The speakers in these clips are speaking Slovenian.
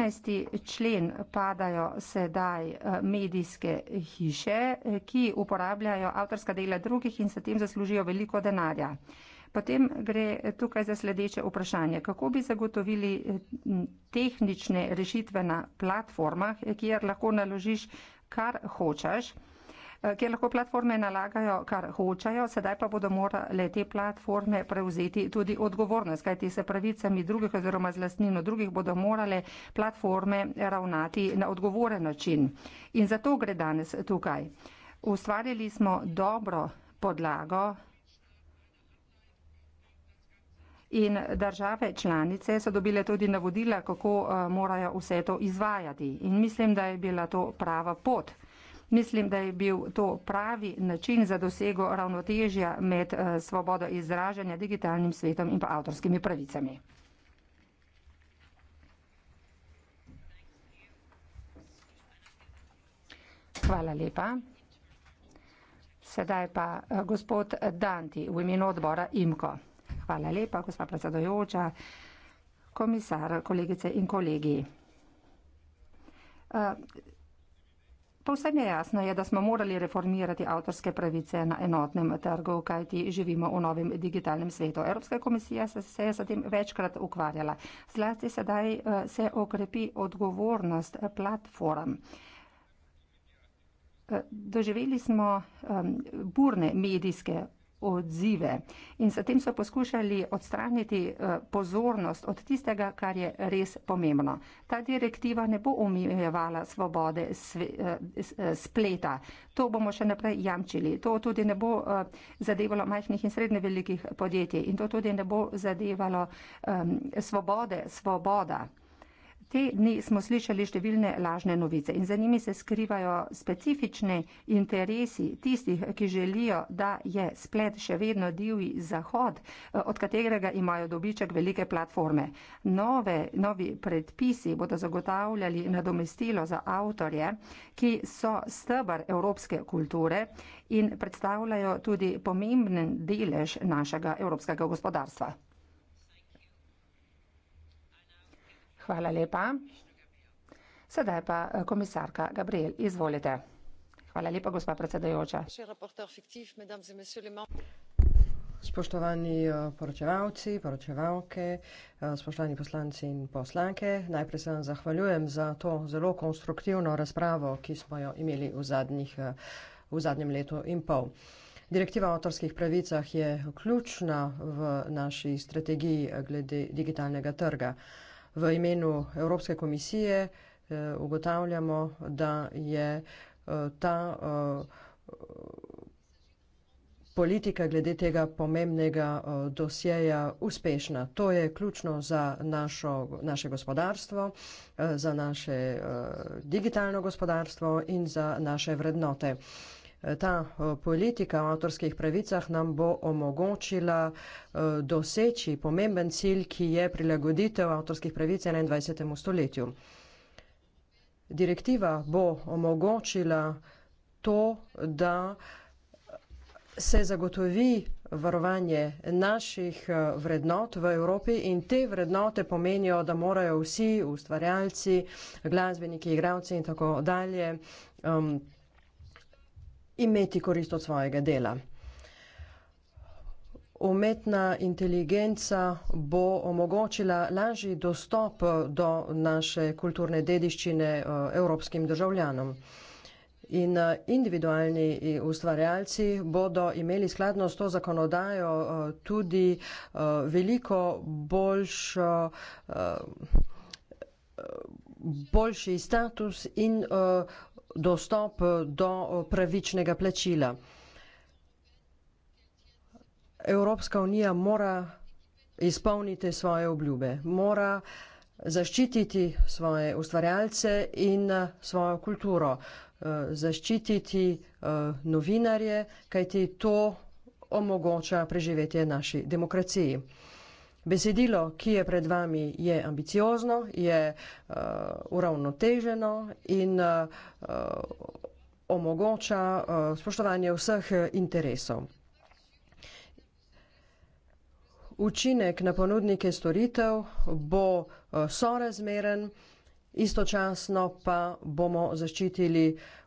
13. člen padajo sedaj eh, medijske hiše, eh, ki uporabljajo avtorska dela drugih in s tem zaslužijo veliko denarja. Potem gre tukaj za sledeče vprašanje. Kako bi zagotovili eh, tehnične rešitve na platformah, kjer lahko naložiš, kar hočeš? Eh, kjer lahko platforme nalagajo, kar hočejo, sedaj pa bodo morale te platforme prevzeti tudi odgovornost, kajti se pravicami drugih oziroma z lastnino drugih bodo morale platforme ravnati na odgovoren način. In zato gre danes tukaj. Ustvarili smo dobro podlago. In države članice so dobile tudi navodila, kako eh, morajo vse to izvajati. In mislim, da je bila to prava pot. Mislim, da je bil to pravi način za dosego ravnotežja med eh, svobodo izražanja digitalnim svetom in pa avtorskimi pravicami. Hvala lepa. Sedaj pa eh, gospod Danti v imenu odbora IMKO. Hvala lepa, gospa predsedojoča, komisar, kolegice in kolegi. Eh, Povsem je jasno, je, da smo morali reformirati avtorske pravice na enotnem trgu, kajti živimo v novem digitalnem svetu. Evropska komisija se je s tem večkrat ukvarjala. Zlasti sedaj eh, se okrepi odgovornost platform. Eh, doživeli smo eh, burne medijske odzive. In s tem so poskušali odstraniti eh, pozornost od tistega, kar je res pomembno. Ta direktiva ne bo omejevala svobode eh, eh, spleta. To bomo še naprej jamčili. To tudi ne bo zadevalo majhnih in srednje velikih podjetij. In to tudi ne bo zadevalo ehm, svobode, svoboda te dni smo slišali številne lažne novice in za njimi se skrivajo specifični interesi tistih, ki želijo, da je splet še vedno divji zahod, od katerega imajo dobiček velike platforme. Nove, novi predpisi bodo zagotavljali nadomestilo za avtorje, ki so stebr evropske kulture in predstavljajo tudi pomemben delež našega evropskega gospodarstva. Hvala lepa. Sedaj pa eh, komisarka Gabriel, izvolite. Hvala lepa, gospa predsedajoča. Spoštovani eh, poročevalci, poročevalke, eh, spoštovani poslanci in poslanke, najprej se vam zahvaljujem za to zelo konstruktivno razpravo, ki smo jo imeli v, zadnjih, v zadnjem letu in pol. Direktiva o avtorskih pravicah je ključna v naši strategiji glede digitalnega trga v imenu Evropske komisije eh, ugotavljamo, da je eh, ta eh, politika glede tega pomembnega dosjeja uspešna. To je ključno za našo, naše gospodarstvo, za naše digitalno gospodarstvo in za naše vrednote ta eh, politika o avtorskih pravicah nam bo omogočila eh, doseči pomemben cilj, ki je prilagoditev avtorskih pravic 21. stoletju. Direktiva bo omogočila to, da se zagotovi varovanje naših eh, vrednot v Evropi in te vrednote pomenijo, da morajo vsi ustvarjalci, glasbeniki, igravci in tako dalje um, imeti korist od svojega dela. Umetna inteligenca bo omogočila lažji dostop do naše kulturne dediščine eh, evropskim državljanom. In eh, individualni eh, ustvarjalci bodo imeli skladno s to zakonodajo tudi veliko boljšo, boljši status in dostop eh, do eh, pravičnega plačila. Evropska unija mora izpolniti svoje obljube, mora zaščititi svoje ustvarjalce in eh, svojo kulturo, zaščititi novinarje, kajti to omogoča preživetje naši demokraciji. Besedilo, ki je pred vami, je ambiciozno, je uh, uravnoteženo in uh, omogoča uh, spoštovanje vseh interesov. Učinek na ponudnike storitev bo uh, sorazmeren, istočasno pa bomo zaščitili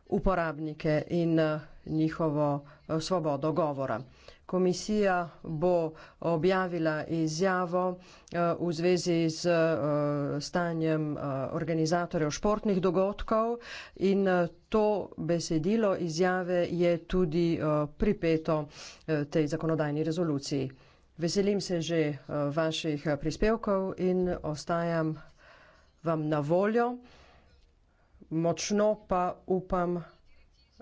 uporabnike in uh, njihovo uh, svobodo govora. Komisija bo objavila izjavo eh, v zvezi z eh, stanjem eh, organizatorjev športnih dogodkov in to besedilo izjave je tudi pripeto tej zakonodajni rezoluciji. Veselim se že vaših prispevkov in ostajam vam na voljo. Močno pa upam, da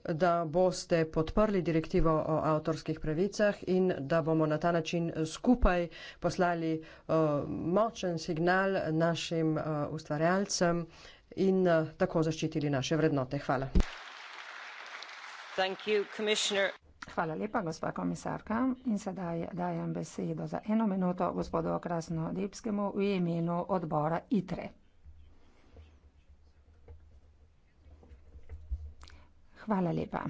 da boste podprli direktivo o avtorskih pravicah in da bomo na ta način skupaj poslali uh, močen signal našim uh, ustvarjalcem in uh, tako zaščitili naše vrednote. Hvala. Hvala lepa, gospa komisarka. In sedaj dajem besedo za eno minuto gospodu Krasno-Debskemu v imenu odbora ITRE. Hvala lepa.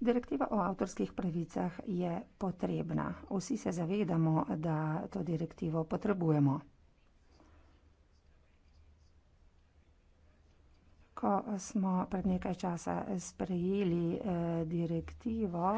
Direktiva o avtorskih pravicah je potrebna. Vsi se zavedamo, da to direktivo potrebujemo. Ko smo pred nekaj časa sprejeli eh, direktivo,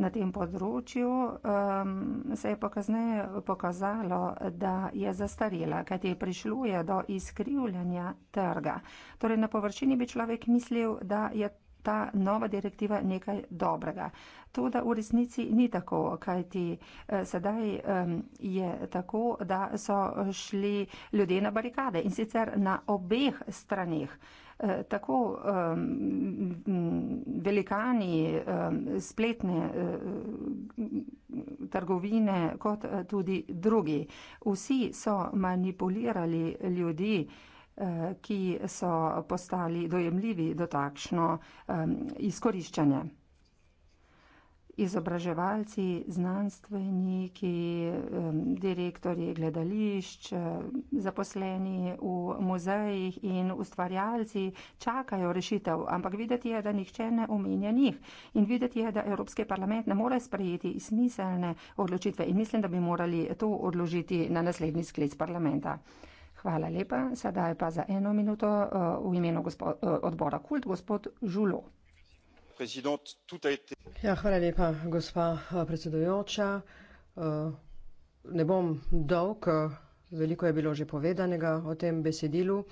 na tem področju, um, se je pokazneje pokazalo, da je zastarela, kajti prišlo je do izkrivljanja trga. Torej, na površini bi človek mislil, da je ta nova direktiva nekaj dobrega. To, da v resnici ni tako, kajti eh, sedaj ehm, je tako, da so šli ljudje na barikade in sicer na obeh stranih. Eh, tako velikani spletne eh, trgovine kot eh, tudi drugi. Vsi so manipulirali ljudi ki so postali dojemljivi do takšno um, izkoriščanje izobraževalci, znanstveniki, direktorji gledališč, eh, zaposleni v muzejih in ustvarjalci čakajo rešitev, ampak videti je, da nihče ne omenja njih in videti je, da Evropski parlament ne more sprejeti smiselne odločitve in mislim, da bi morali to odložiti na naslednji sklic parlamenta. Hvala lepa, sedaj pa za eno minuto eh, v imenu gospod, eh, odbora Kult, gospod Žulo ja hvala lepa gospa eh, predsedujoča eh, ne bom dolg eh, veliko je bilo že povedanega o tem besedilu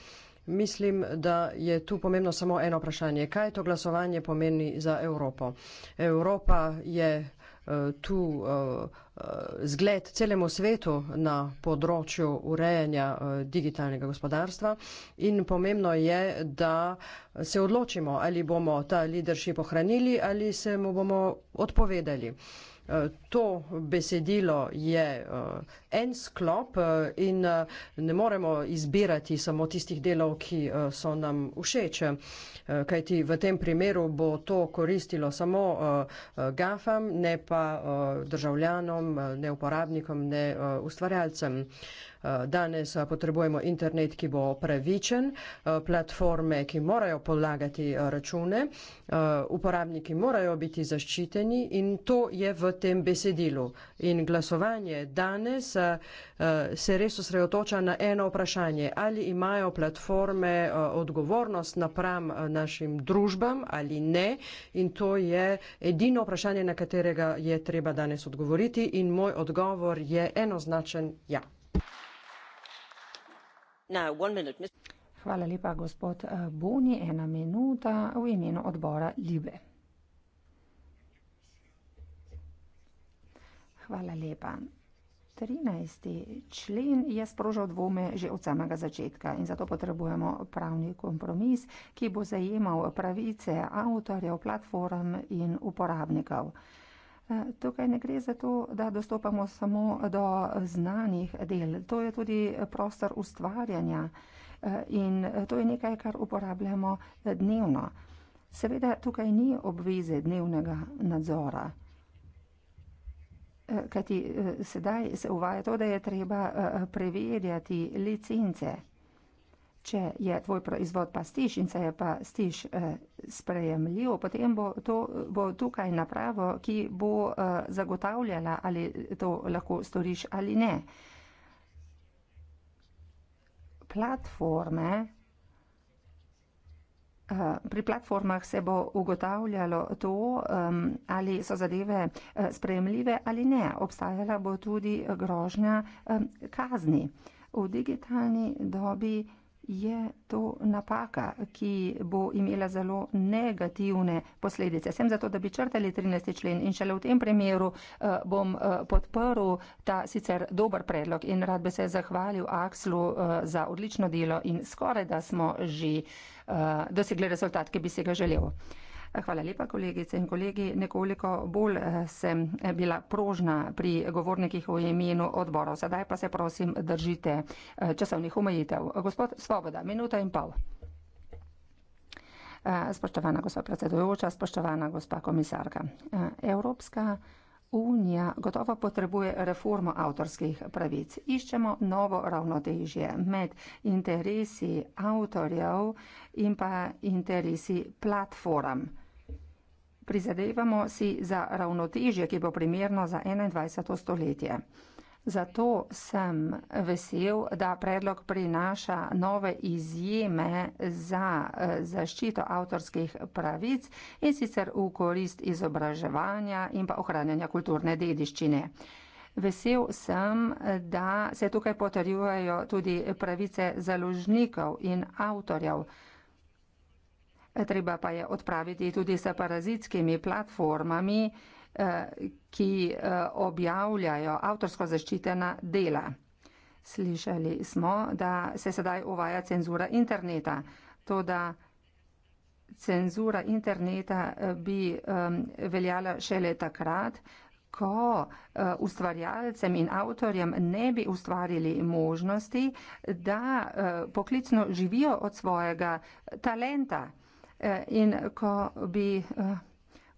mislim da je tu pomembno samo eno vprašanje kaj to glasovanje pomeni za evropo evropa je Eh, tu eh, eh, zgled celemu svetu na področju urejanja digitalnega gospodarstva in pomembno je, da se odločimo, ali bomo ta leadership ohranili ali se mu bomo odpovedali. Eh, to besedilo je eh, en sklop eh, in ne moremo izbirati samo tistih delov, ki so nam všeč. Kajti v tem primeru bo to koristilo samo gafam, ne pa državljanom, ne uporabnikom, ne ustvarjalcem. Danes potrebujemo internet, ki bo pravičen, platforme, ki morajo polagati račune, uporabniki morajo biti zaščiteni in to je v tem besedilu. In glasovanje danes se res osredotoča na eno vprašanje, ali imajo platforme odgovornost napram našim družbam ali ne. In to je edino vprašanje, na katerega je treba danes odgovoriti in moj odgovor je enoznačen ja. Hvala lepa, gospod eh, Boni. Ena minuta v imenu odbora Libe. Hvala lepa. 13. člen je sprožil dvome že od samega začetka in zato potrebujemo pravni kompromis, ki bo zajemal pravice avtorjev, platform in uporabnikov. Tukaj ne gre za to, da dostopamo samo do znanih del, to je tudi prostor ustvarjanja eh, in eh, to je nekaj, kar uporabljamo eh, dnevno. Seveda tukaj ni obveze dnevnega nadzora, kajti sedaj se uvaja to, da je treba preverjati licence. Če je tvoj proizvod pastiš in se je pastiš eh, sprejemljiv, potem bo, to, bo tukaj napravo, ki bo eh, zagotavljala, ali to lahko storiš ali ne. Platforme, eh, Pri platformah se bo ugotavljalo to, ali so zadeve eh, sprejemljive ali ne. Obstajala bo tudi grožnja kazni. V digitalni dobi je to napaka, ki bo imela zelo negativne posledice. Sem zato, da bi črtali 13. člen in šele v tem primeru eh, bom eh, podporil ta sicer dober predlog in rad bi se zahvalil Akslu eh, za odlično delo in skoraj da smo že dosegli rezultat, ki bi se ga želel. Hvala lepa, kolegice in kolegi. Nekoliko bolj eh, sem eh, bila prožna pri govornikih v imenu odborov. Sedaj pa se prosim držite eh, časovnih omejitev. Gospod Svoboda, minuta in pol. Spoštovana gospa predsedujoča, spoštovana gospa komisarka. Evropska unija gotovo potrebuje reformo avtorskih pravic. Iščemo novo ravnotežje med interesi avtorjev in pa interesi platform. Prizadevamo si za ravnotežje, ki bo primerno za 21. stoletje. Zato sem vesel, da predlog prinaša nove izjeme za eh, zaščito avtorskih pravic in sicer v korist izobraževanja in pa ohranjanja kulturne dediščine. Vesel sem, da se tukaj potrjujejo tudi pravice založnikov in avtorjev. Treba pa je odpraviti tudi s parazitskimi platformami, eh, ki eh, objavljajo avtorsko zaščitena dela. Slišali smo, da se sedaj uvaja cenzura interneta. To, da cenzura interneta eh, bi um, veljala šele takrat, ko uh, ustvarjalcem in avtorjem ne bi ustvarili možnosti, da uh, poklicno živijo od svojega talenta. Eh, in ko bi eh,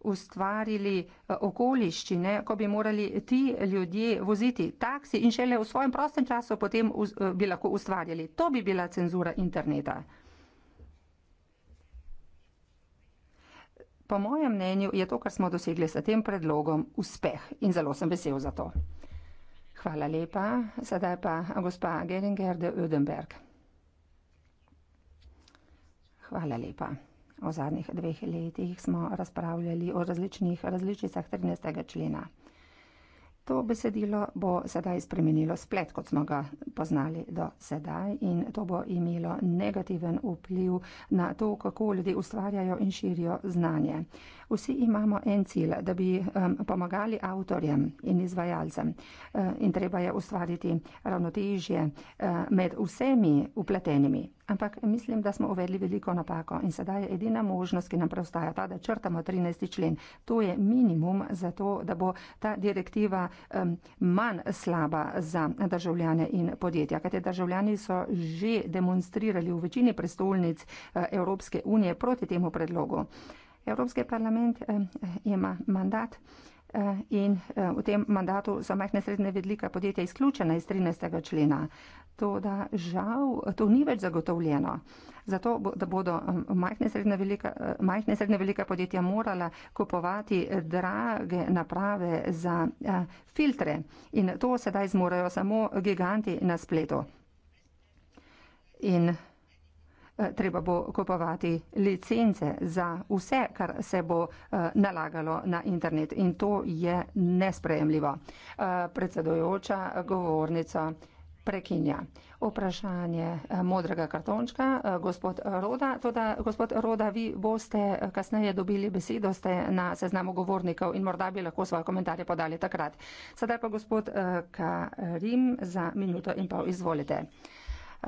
ustvarili eh, okoliščine, ko bi morali ti ljudje voziti taksi in šele v svojem prostem času potem bi lahko ustvarjali. To bi bila cenzura interneta. Po mojem mnenju je to, kar smo dosegli s tem predlogom, uspeh in zelo sem vesel za to. Hvala lepa. Sedaj pa gospa Geringer de Ödenberg. Hvala lepa. V zadnjih dveh letih smo razpravljali o različnih različicah 13. člena. To besedilo bo sedaj spremenilo splet, kot smo ga poznali do sedaj, in to bo imelo negativen vpliv na to, kako ljudje ustvarjajo in širijo znanje. Vsi imamo en cilj, da bi pomagali avtorjem in izvajalcem e, in treba je ustvariti ravnotežje e, med vsemi upletenimi. Ampak mislim, da smo uvedli veliko napako in sedaj je edina možnost, ki nam preostaja ta, da črtamo 13. člen. To je minimum za to, da bo ta direktiva manj slaba za državljane in podjetja. Kajte državljani so že demonstrirali v večini prestolnic e, Evropske unije proti temu predlogu. Evropski parlament ima eh, eh, mandat eh, in v tem mandatu so majhne srednje vedlika podjetja izključena iz 13. člena. To, da žal to ni več zagotovljeno. Zato, da bodo majhne srednje velika, majhne srednje velika podjetja morala kupovati drage naprave za filtre in to sedaj zmorejo samo giganti na spletu. In Eh, treba bo kupovati licence za vse, kar se bo eh, nalagalo na internet in to je nesprejemljivo. Eh, predsedujoča govornica prekinja. Vprašanje modrega kartončka, gospod Roda, teda gospod Roda, vi boste kasneje dobili besedo, ste na seznamu govornikov in morda bi lahko svoje komentarje podali takrat. Sedaj pa gospod Karim za minuto in pol izvolite.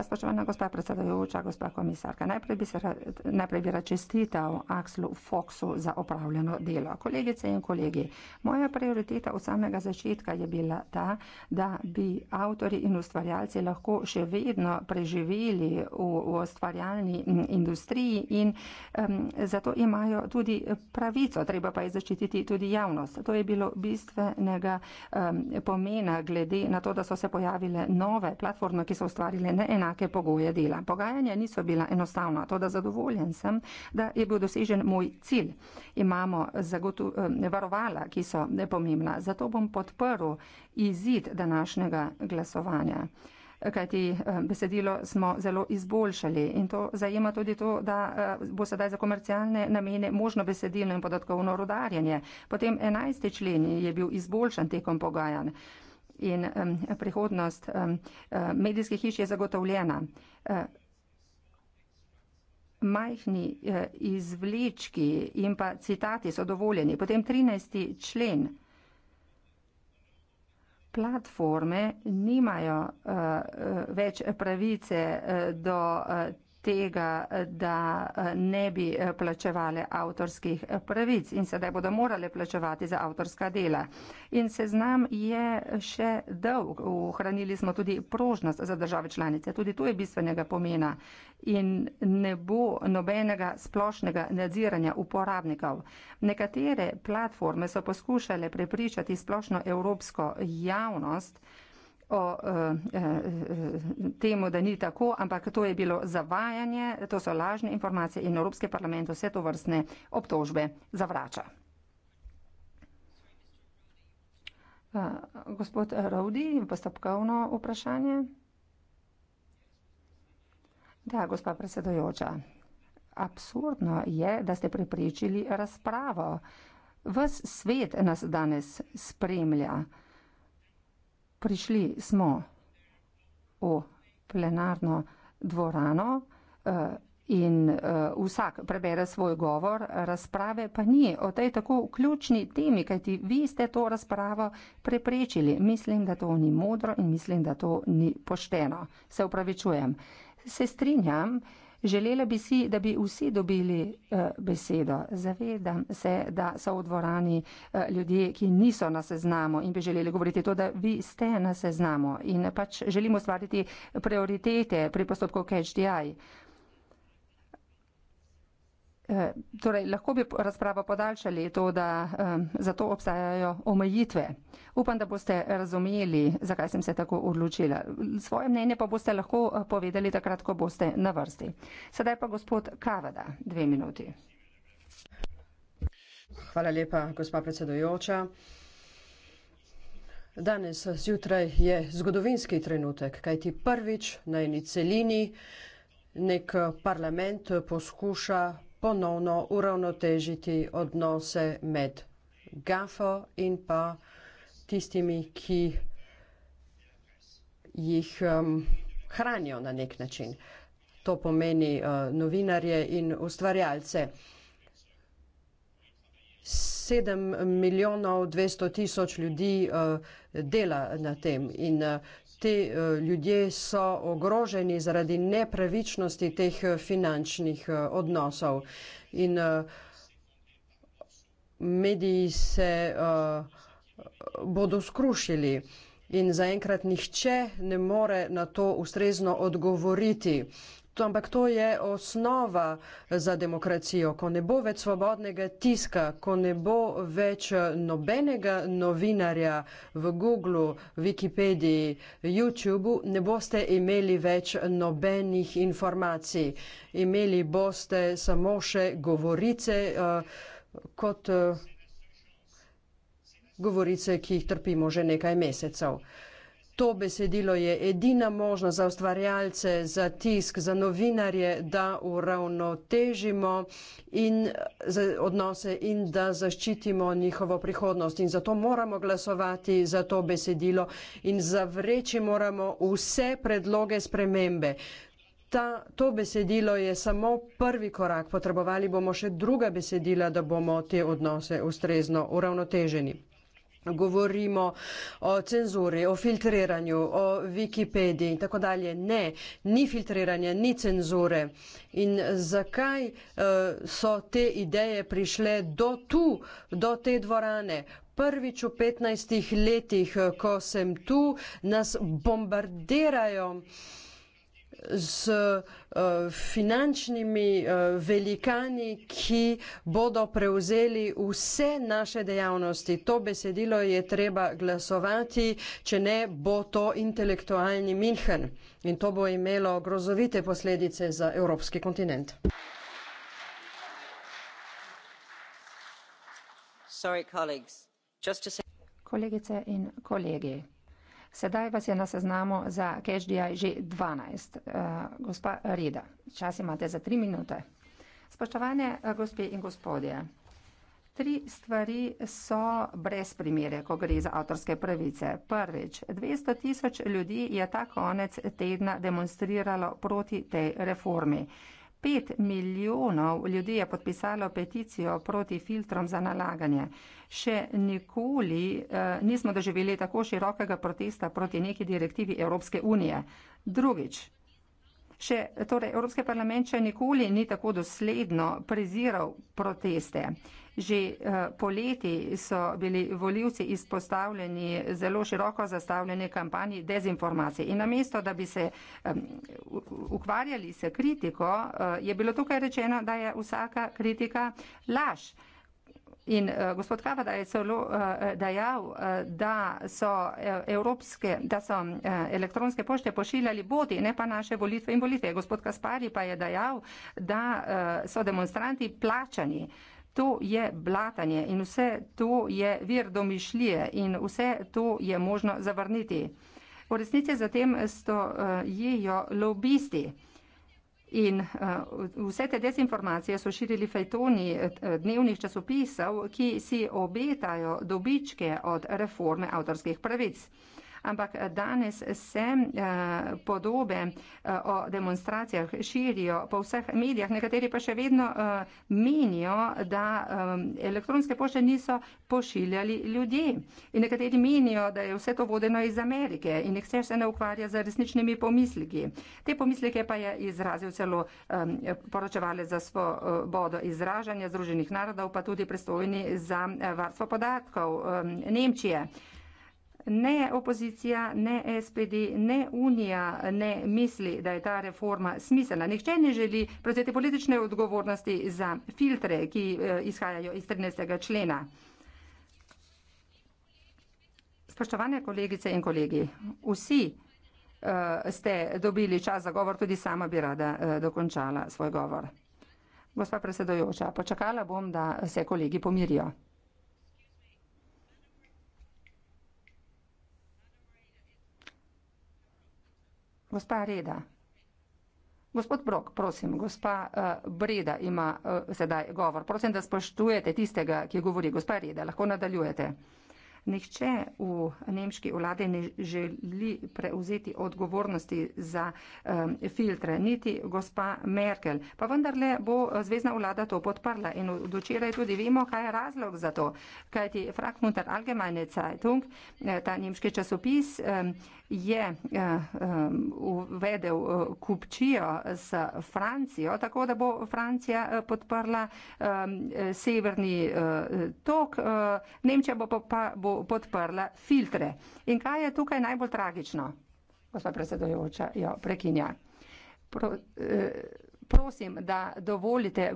Spoštovana gospa predsedajoča, gospa komisarka, najprej bi, se, najprej bi rad čestital Akslu Foxu za opravljeno delo. Kolegice in kolegi, moja prioriteta od samega začetka je bila ta, da bi avtori in ustvarjalci lahko še vedno preživeli v, v ustvarjalni industriji in um, zato imajo tudi pravico, treba pa je zaščititi tudi javnost. To je bilo bistvenega um, pomena glede na to, da so se pojavile nove platforme, ki so ustvarile neenakost enake pogoje dela. Pogajanja niso bila enostavna, to da zadovoljen sem, da je bil dosežen moj cilj. Imamo eh, varovala, ki so nepomembna, zato bom podprl izid današnjega glasovanja. Kajti eh, besedilo smo zelo izboljšali in to zajema tudi to, da eh, bo sedaj za komercialne namene možno besedilno in podatkovno rodarjenje. Potem 11. člen je bil izboljšan tekom pogajanja in um, prihodnost um, medijskih hiš je zagotovljena. Uh, majhni uh, izvlečki in pa citati so dovoljeni. Potem 13. člen. Platforme nimajo uh, več pravice uh, do uh, tega, da eh, ne bi eh, plačevali avtorskih eh, pravic in sedaj bodo morali plačevati za avtorska dela. In seznam je še dolg. Ohranili smo tudi prožnost za države članice. Tudi to je bistvenega pomena. In ne bo nobenega splošnega nadziranja uporabnikov. Nekatere platforme so poskušale prepričati splošno evropsko javnost, o e, e, temu, da ni tako, ampak to je bilo zavajanje, to so lažne informacije in Evropski parlament vse to vrstne obtožbe zavrača. Uh, gospod Rodi, postopkovno vprašanje. Da, gospa predsedojoča, absurdno je, da ste prepričali razpravo. Ves svet nas danes spremlja prišli smo v plenarno dvorano eh, in eh, vsak prebere svoj govor, razprave pa ni o tej tako ključni temi, kajti vi ste to razpravo preprečili. Mislim, da to ni modro in mislim, da to ni pošteno. Se upravičujem. Se strinjam. Želela bi si, da bi vsi dobili eh, besedo. Zavedam se, da so v dvorani eh, ljudje, ki niso na seznamu in bi želeli govoriti to, da vi ste na seznamu in pač želimo stvariti prioritete pri postopku KHDI. Eh, torej, lahko bi razpravo podaljšali, to, da zato obstajajo omejitve. Upam, da boste razumeli, zakaj sem se tako odločila. Svoje mnenje pa boste lahko eh, povedali takrat, ko boste na vrsti. Sedaj pa gospod Kavada, dve minuti. Hvala lepa, gospa predsedujoča. Danes zjutraj je zgodovinski trenutek, kajti prvič na eni celini nek parlament poskuša ponovno uravnotežiti odnose med GAFO in pa tistimi, ki jih um, hranijo na nek način. To pomeni uh, novinarje in ustvarjalce. 7 milijonov 200 tisoč ljudi uh, dela na tem in uh, ti eh, ljudje so ogroženi zaradi nepravičnosti teh eh, finančnih eh, odnosov. In mediji se bodo skrušili. In zaenkrat nihče ne more na to ustrezno odgovoriti ampak to je osnova za demokracijo, ko ne bo več svobodnega tiska, ko ne bo več nobenega novinarja v Google, Wikipediji, YouTubu, ne boste imeli več nobenih informacij. Imeli boste samo še govorice, uh, kot uh, govorice, ki jih trpimo že nekaj mesecev. Uh, To besedilo je edina možnost za ustvarjalce, za tisk, za novinarje, da uravnotežimo in odnose in da zaščitimo njihovo prihodnost. In zato moramo glasovati za to besedilo in zavreči moramo vse predloge spremembe. Ta, to besedilo je samo prvi korak, potrebovali bomo še druga besedila, da bomo te odnose ustrezno uravnoteženi govorimo o cenzuri, o filtriranju, o Wikipediji in tako dalje. Ne, ni filtriranja, ni cenzure. In zakaj uh, so te ideje prišle do tu, do te dvorane? Prvič v 15 letih, eh, ko sem tu, nas bombardirajo uh, z eh, finančnimi eh, velikani, ki bodo prevzeli vse naše dejavnosti. To besedilo je treba glasovati, če ne bo to intelektualni Minhen in to bo imelo grozovite posledice za evropski kontinent. Kolegice in kolegi. Sedaj vas je na seznamu za KHDI že 12. Eh, gospa Rida, čas imate za 3 minute. Spoštovane eh, gospe in gospodje, tri stvari so brez primere, ko gre za avtorske pravice. Prvič, 200 tisoč ljudi je ta konec tedna demonstriralo proti tej reformi. Pet milijonov ljudi je podpisalo peticijo proti filtrom za nalaganje. Še nikoli eh, nismo doživeli tako širokega protesta proti neki direktivi Evropske unije. Drugič, še, torej, Evropski parlament še nikoli ni tako dosledno preziral proteste. Že eh, poleti so bili voljivci izpostavljeni zelo široko zastavljeni kampanji dezinformacij. In namesto, da bi se ukvarjali se kritiko, eh, je bilo tukaj rečeno, da je vsaka kritika laž. In uh, gospod Kavada je celo uh, dejal, uh, da so, uh, evropske, da so uh, elektronske pošte pošiljali boti, ne pa naše volitve in volitve. Gospod Kaspari pa je dejal, da uh, so demonstranti plačani. Uh, to je blatanje in vse to je vir domišljije in vse to je možno zavrniti. V resnici zatem stojijo lobisti. In eh, vse te dezinformacije so širili fejtoni eh, dnevnih časopisov, ki si obetajo dobičke od reforme avtorskih pravic ampak eh, danes se eh, podobe eh, o demonstracijah širijo po vseh medijah. Nekateri pa še vedno menijo, da elektronske pošte niso pošiljali ljudje. In nekateri menijo, da je vse to vodeno iz Amerike in nek se še ne ukvarja z resničnimi pomisliki. Te pomislike pa je izrazil celo poročevali za svobodo izražanja Združenih narodov, pa tudi predstojni za varstvo podatkov Nemčije ne opozicija, ne SPD, ne Unija ne misli, da je ta reforma smiselna. Nihče ne želi prevzeti politične odgovornosti za filtre, ki eh, izhajajo iz 13. člena. Spoštovane kolegice in kolegi, vsi uh, ste dobili čas za govor, tudi sama bi rada uh, dokončala svoj govor. Gospa predsedojoča, počakala bom, da se kolegi pomirijo. Gospa Reda. Gospod Brok, prosim, gospa uh, Breda ima uh, sedaj govor. Prosim, da spoštujete tistega, ki govori. Gospa Reda, lahko nadaljujete. Nihče v nemški vlade ne želi prevzeti odgovornosti za um, filtre, niti gospa Merkel. Pa vendarle bo zvezdna vlada to podprla in dočeraj tudi vemo, kaj je razlog za to. Kajti Frankfurter Allgemeine Zeitung, ta nemški časopis, um, je eh, eh, uvedel eh, kupčijo s Francijo, tako da bo Francija podprla severni tok, Nemčija bo pa bo podprla filtre. In kaj je tukaj najbolj tragično? Gospod predsedojoča jo prekinja. Pro, Prosim, da dovolite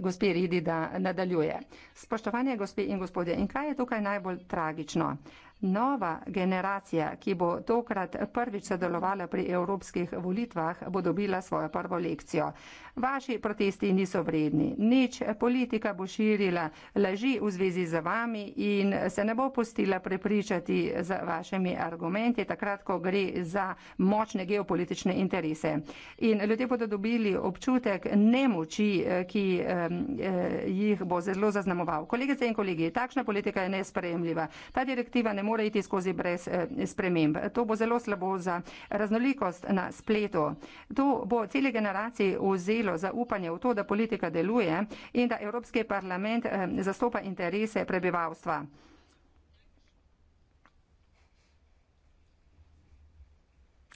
gospe Ridi, da nadaljuje. Spoštovanje gospe in gospodje, in kaj je tukaj najbolj tragično? Nova generacija, ki bo tokrat prvič sodelovala pri evropskih volitvah, bo dobila svojo prvo lekcijo. Vaši protesti niso vredni, nič politika bo širila laži v zvezi z vami in se ne bo pustila prepričati z vašimi argumenti, takrat, ko gre za močne geopolitične interese. In ljudje bodo dobili občutek nemoči, ki eh, jih bo zelo zaznamoval. Kolegice in kolegi, takšna politika je nespremljiva. Ta direktiva ne more more iti skozi brez eh, sprememb. To bo zelo slabo za raznolikost na spletu. To bo celi generaciji vzelo zaupanje v to, da politika deluje in da Evropski parlament eh, zastopa interese prebivalstva.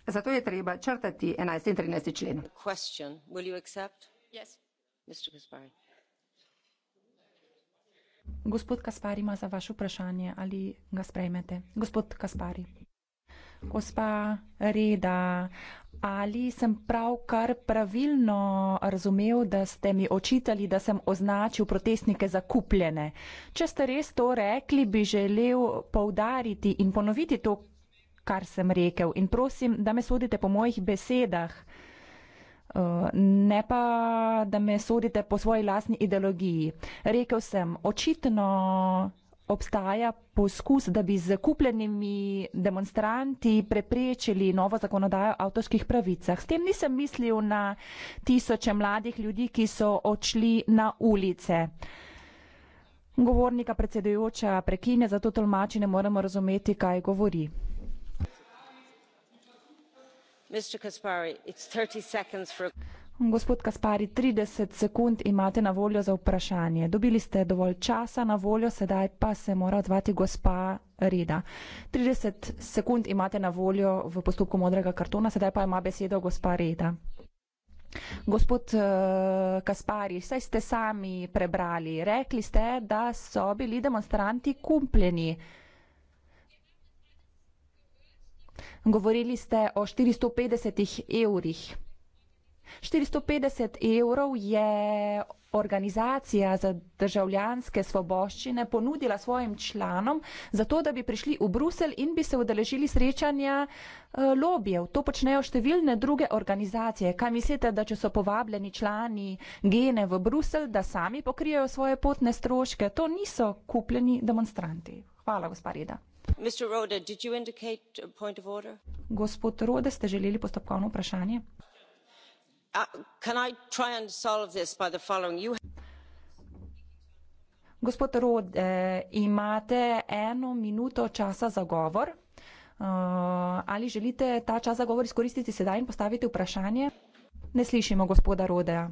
Zato je treba črtati 11. in 13. člen. Question, yes. Mr. Gaspari. Gospod Kaspar ima za vaše vprašanje, ali ga sprejmete. Gospod Kaspar. Gospa Reda, ali sem pravkar pravilno razumel, da ste mi očitali, da sem označil protestnike za kupljene? Če ste res to rekli, bi želel povdariti in ponoviti to, kar sem rekel. In prosim, da me sodite po mojih besedah ne pa, da me sodite po svoji lasni ideologiji. Rekel sem, očitno obstaja poskus, da bi z zakupljenimi demonstranti preprečili novo zakonodajo o avtorskih pravicah. S tem nisem mislil na tisoče mladih ljudi, ki so odšli na ulice. Govornika predsedujoča prekine, zato tolmači ne moremo razumeti, kaj govori. Gospod Kaspari, 30 sekund imate na voljo za vprašanje. Dobili ste dovolj časa na voljo, sedaj pa se mora odvati gospa Reda. 30 sekund imate na voljo v postopku modrega kartona, sedaj pa ima besedo gospa Reda. Gospod eh, Kaspari, saj ste sami prebrali, rekli ste, da so bili demonstranti kumpljeni. Govorili ste o 450 evrih. 450 evrov je organizacija za državljanske svoboščine ponudila svojim članom, zato da bi prišli v Bruselj in bi se udeležili srečanja eh, lobijev. To počnejo številne druge organizacije. Kaj mislite, da če so povabljeni člani gene v Bruselj, da sami pokrijajo svoje potne stroške? To niso kupljeni demonstranti. Hvala, gospa Rida gospod rohde ste želeli postopkovno vprašanje? Uh, gospod rohde imate eno minuto časa za govor. Uh, ali želite ta čas za govor izkoristiti sedaj in postaviti vprašanje? ne slišimo gospoda rohdeja.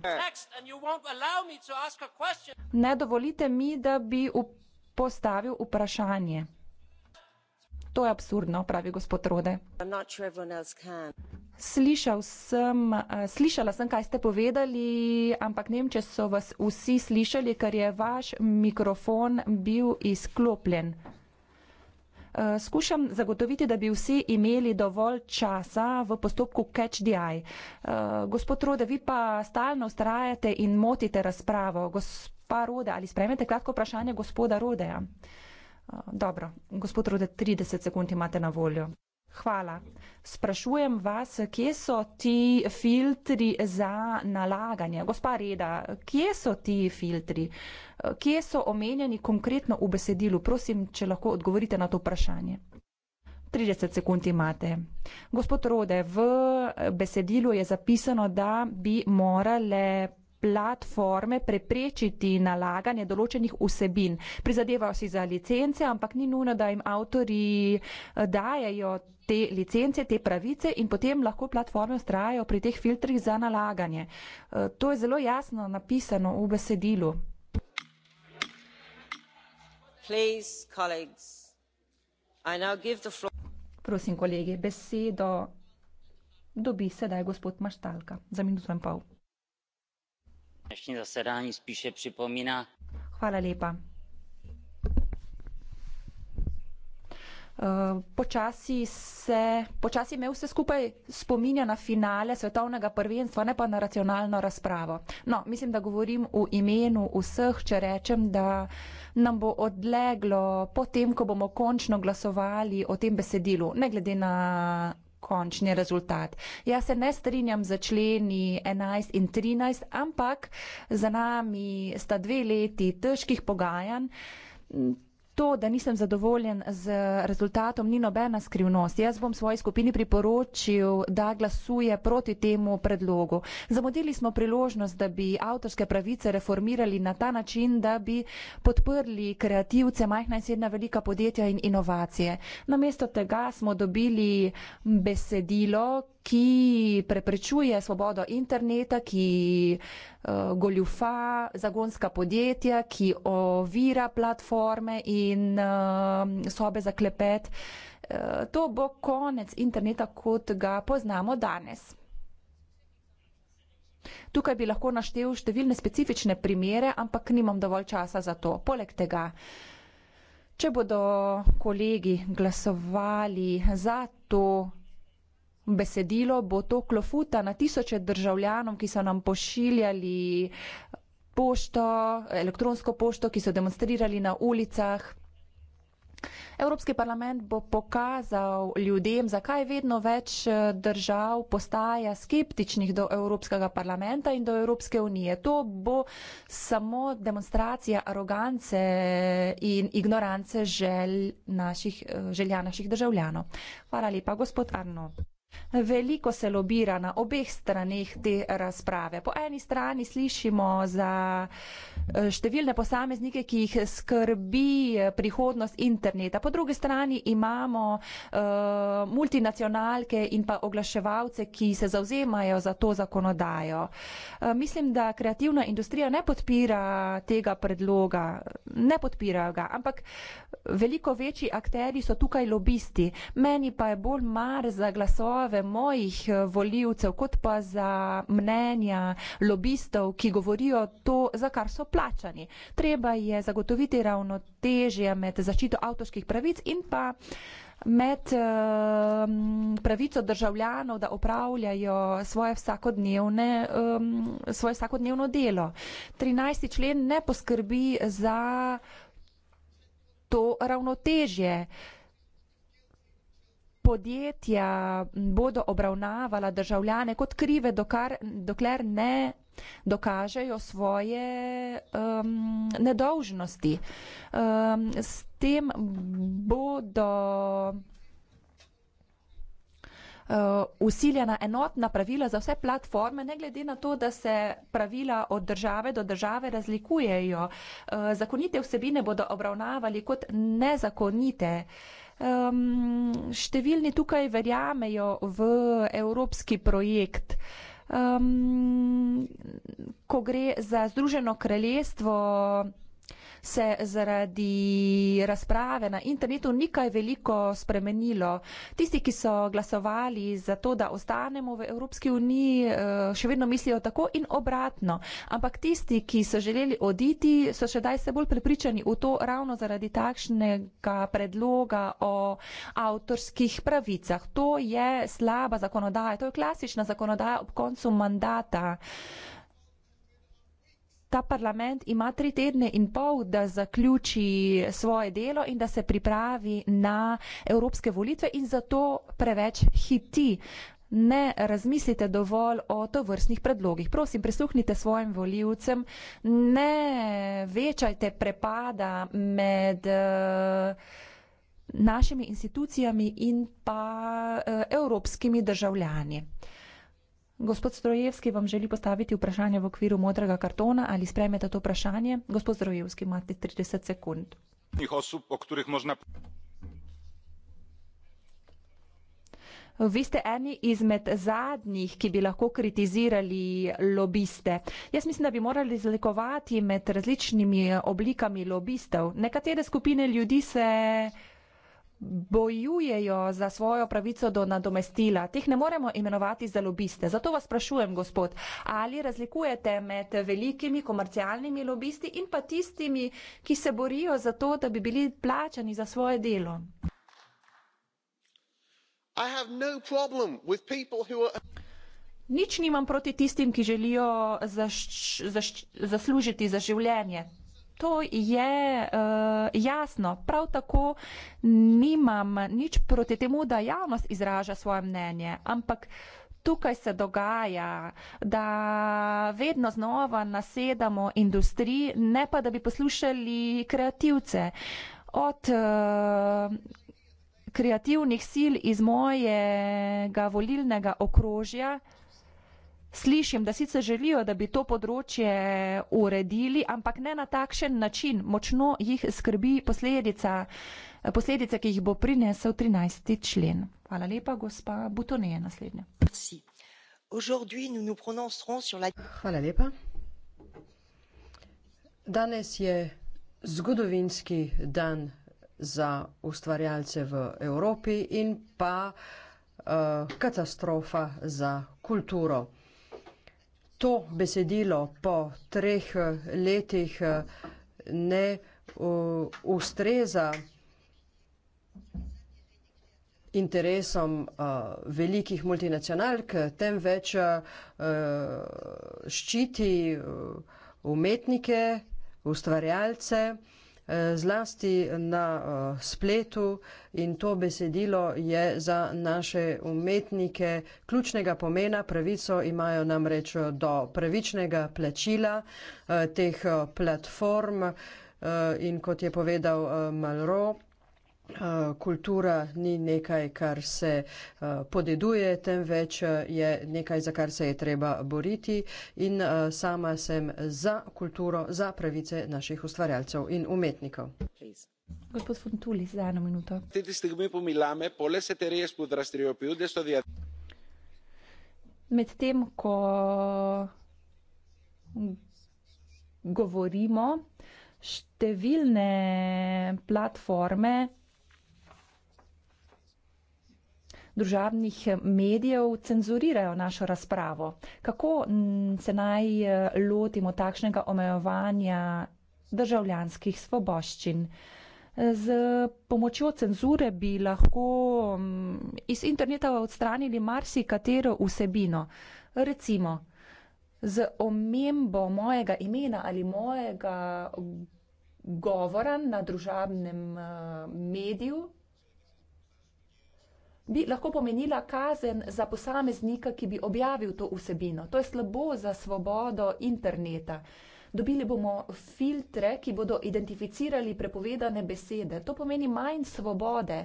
ne dovolite mi da bi postavil vprašanje. To je absurdno, pravi gospod Rode. Sure slišal sem, eh, slišala sem, kaj ste povedali, ampak ne vem, če so vas vsi slišali, ker je vaš mikrofon bil izklopljen. Uh, skušam zagotoviti, da bi vsi imeli dovolj časa v postopku catch the eye. Uh, gospod Rode, vi pa stalno ustrajate in motite razpravo. Gospa Rode, ali spremete kratko vprašanje gospoda Rodeja? Uh, Eh, dobro, gospod Rode, 30 sekund imate na voljo. Hvala. Sprašujem vas, kje so ti filtri za nalaganje? Gospa Reda, kje so ti filtri? Eh, kje so omenjeni konkretno v besedilu? Prosim, če lahko odgovorite na to vprašanje. 30 sekund imate. Gospod Rode, v besedilu je zapisano, da bi morale platforme preprečiti nalaganje določenih vsebin. Prizadevajo si za licence, ampak ni nujno, da jim avtori eh, dajajo te licence, te pravice in potem lahko platforme ustrajajo pri teh filtrih za nalaganje. Eh, to je zelo jasno napisano v besedilu. Prosim, kolegi, besedo dobi sedaj gospod Maštalka za minuto in pol dnešní zasedání spíše připomíná. Hvala lepa. Eh, počasi se, počasi me vse skupaj spominja na finale svetovnega prvenstva, ne pa na racionalno razpravo. No, mislim, da govorim v imenu vseh, če rečem, da nam bo odleglo potem, ko bomo končno glasovali o tem besedilu, ne glede na končni rezultat. Jaz se ne strinjam za členi 11 in 13, ampak za nami sta dve leti težkih pogajanj to, da nisem zadovoljen z rezultatom, ni nobena skrivnost. Jaz bom svoji skupini priporočil, da glasuje proti temu predlogu. Zamudili smo priložnost, da bi avtorske pravice reformirali na ta način, da bi podprli kreativce, majhna in srednja velika podjetja in inovacije. Namesto tega smo dobili besedilo, ki preprečuje svobodo interneta, ki uh, goljufa zagonska podjetja, ki ovira platforme in uh, sobe za klepet. Uh, to bo konec interneta, kot ga poznamo danes. Tukaj bi lahko naštel številne specifične primere, ampak nimam dovolj časa za to. Poleg tega, če bodo kolegi glasovali za to, besedilo bo to klofuta na tisoče državljanom, ki so nam pošiljali pošto, elektronsko pošto, ki so demonstrirali na ulicah. Evropski parlament bo pokazal ljudem, zakaj vedno več eh, držav postaja skeptičnih do Evropskega parlamenta in do Evropske unije. To bo samo demonstracija arogance in ignorance želja naših, eh, želja naših državljanov. Hvala lepa, gospod Arnob. Veliko se lobira na obeh straneh te razprave. Po eni strani slišimo za eh, številne posameznike, ki jih skrbi eh, prihodnost interneta. Po drugi strani imamo uh, multinacionalke in pa oglaševalce, ki se zauzemajo za to zakonodajo. Uh, mislim, da kreativna industrija ne podpira tega predloga, ne podpirajo ga, ampak veliko večji akteri so tukaj lobisti. Meni pa je bolj mar za glasove, glasove mojih eh, voljivcev, kot pa za mnenja lobistov, ki govorijo to, za kar so plačani. Treba je zagotoviti ravnotežje med zaščito avtorskih pravic in pa med um, pravico državljanov, da opravljajo svoje, vsakodnevne, um, svoje vsakodnevno delo. 13. člen ne poskrbi za to ravnotežje podjetja bodo obravnavala državljane kot krive, dokar, dokler ne dokažejo svoje um, nedolžnosti. Um, s tem bodo uh, usiljena enotna pravila za vse platforme, ne glede na to, da se pravila od države do države razlikujejo. Uh, zakonite vsebine bodo obravnavali kot nezakonite. Uh, Um, številni tukaj verjamejo v evropski projekt. Um, ko gre za Združeno kraljestvo, se zaradi razprave na internetu ni kaj veliko spremenilo. Tisti, ki so glasovali za to, da ostanemo v Evropski uniji, eh, še vedno mislijo tako in obratno. Ampak tisti, ki so želeli oditi, so še daj se bolj prepričani v to ravno zaradi takšnega predloga o avtorskih pravicah. To je slaba zakonodaja, to je klasična zakonodaja ob koncu mandata. Uh, ta parlament ima tri tedne in pol, da zaključi svoje delo in da se pripravi na evropske volitve in zato preveč hiti. Ne razmislite dovolj o tovrstnih predlogih. Prosim, prisluhnite svojim voljivcem, ne večajte prepada med eh, našimi institucijami in pa eh, evropskimi državljani. Gospod Zdrojevski vam želi postaviti vprašanje v okviru modrega kartona ali sprejmete to vprašanje. Gospod Zdrojevski, imate 30 sekund. Osob, o katerih možna... Vi ste eni izmed zadnjih, ki bi lahko kritizirali lobiste. Jaz mislim, da bi morali zlikovati med različnimi oblikami lobistov. Nekatere skupine ljudi se bojujejo za svojo pravico do nadomestila. Teh ne moremo imenovati za lobiste. Zato vas sprašujem, gospod, ali razlikujete med velikimi komercialnimi lobisti in pa tistimi, ki se borijo za to, da bi bili plačani za svoje delo? No Nič nimam proti tistim, ki želijo zaš, zaš, zaslužiti za življenje to je uh, jasno. Prav tako nimam nič proti temu, da javnost izraža svoje mnenje, ampak tukaj se dogaja, da vedno znova nasedamo industriji, ne pa da bi poslušali kreativce. Od uh, kreativnih sil iz mojega volilnega okrožja, slišim, da sicer želijo, da bi to področje uredili, ampak ne na takšen način. Močno jih skrbi posledica, posledica ki jih bo prinesel 13. člen. Hvala lepa, gospa Butone je naslednja. Hvala lepa. Danes je zgodovinski dan za ustvarjalce v Evropi in pa uh, katastrofa za kulturo to besedilo po treh eh, letih eh, ne eh, ustreza interesom uh, velikih multinacionalk, temveč uh, ščiti umetnike, ustvarjalce. Eh, zlasti na eh, spletu in to besedilo je za naše umetnike ključnega pomena. Pravico imajo namreč eh, do pravičnega plačila teh platform in kot je povedal Malraux, Eh, kultura ni nekaj, kar se eh, podeduje, temveč eh, je nekaj, za kar se je treba boriti in sama sem za kulturo, za pravice naših ustvarjalcev in umetnikov. Please. Gospod Funtuli, za eno minuto. Medtem, ko govorimo, številne platforme družabnih eh, medijev cenzurirajo našo razpravo. Kako mm, se naj eh, lotimo takšnega omejevanja državljanskih svoboščin? Z pomočjo cenzure bi lahko mm, iz interneta odstranili marsikatero vsebino. Recimo, z omembo mojega imena ali mojega govora na družabnem eh, mediju bi lahko pomenila kazen za posameznika, ki bi objavil to vsebino. To je slabo za svobodo interneta. Dobili bomo filtre, ki bodo identificirali prepovedane besede. To pomeni manj svobode.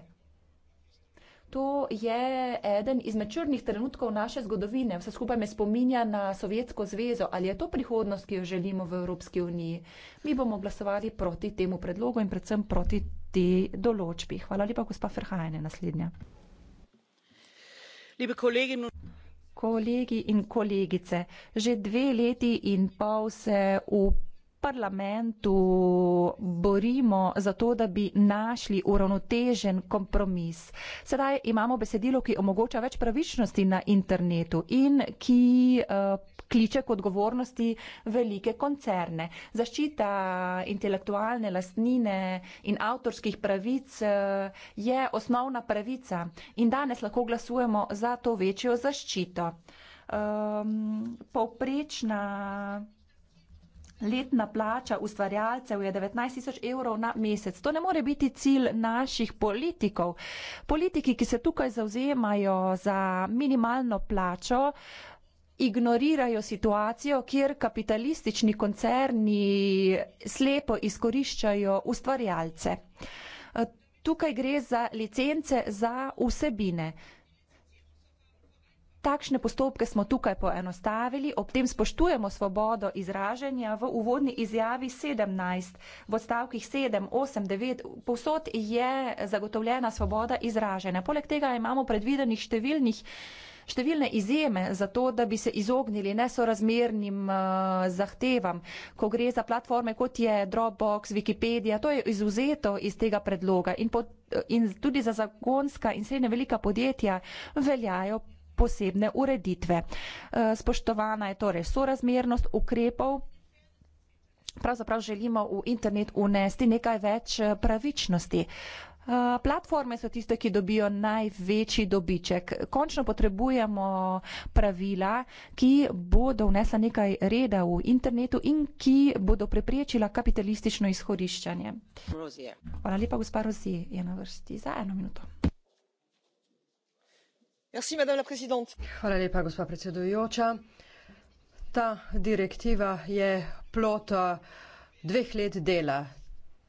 To je eden izmed črnih trenutkov naše zgodovine. Vse skupaj me spominja na Sovjetsko zvezo. Ali je to prihodnost, ki jo želimo v Evropski uniji? Mi bomo glasovali proti temu predlogu in predvsem proti te določbi. Hvala lepa, gospa Ferhajne, naslednja. Kolegi in kolegice, že dve leti in pol se v parlamentu borimo za to, da bi našli uravnotežen kompromis. Sedaj imamo besedilo, ki omogoča več pravičnosti na internetu in ki eh, kliče k odgovornosti velike koncerne. Zaščita intelektualne lastnine in avtorskih pravic eh, je osnovna pravica in danes lahko glasujemo za to večjo zaščito. Um, povprečna letna plača ustvarjalcev je 19 tisoč evrov na mesec. To ne more biti cilj naših politikov. Politiki, ki se tukaj zauzemajo za minimalno plačo, ignorirajo situacijo, kjer kapitalistični koncerni slepo izkoriščajo ustvarjalce. Tukaj gre za licence za vsebine. Takšne postopke smo tukaj poenostavili, ob tem spoštujemo svobodo izražanja. V uvodni izjavi 17, v odstavkih 7, 8, 9, posod je zagotovljena svoboda izražanja. Poleg tega imamo predvidenih številnih. Številne izjeme za to, da bi se izognili nesorazmernim uh, zahtevam, ko gre za platforme kot je Dropbox, Wikipedia, to je izuzeto iz tega predloga in, po, eh, in tudi za zagonska in srednje velika podjetja veljajo posebne ureditve. Eh, spoštovana je torej sorazmernost ukrepov. Pravzaprav želimo v internet unesti nekaj več eh, pravičnosti. Eh, platforme so tiste, ki dobijo največji dobiček. Končno potrebujemo pravila, ki bodo vnesla nekaj reda v internetu in ki bodo preprečila kapitalistično izhoriščanje. Hvala lepa, gospa Rozi, je na vrsti za eno minuto. Hvala lepa, gospa predsedujoča. Ta direktiva je plot eh, dveh let dela.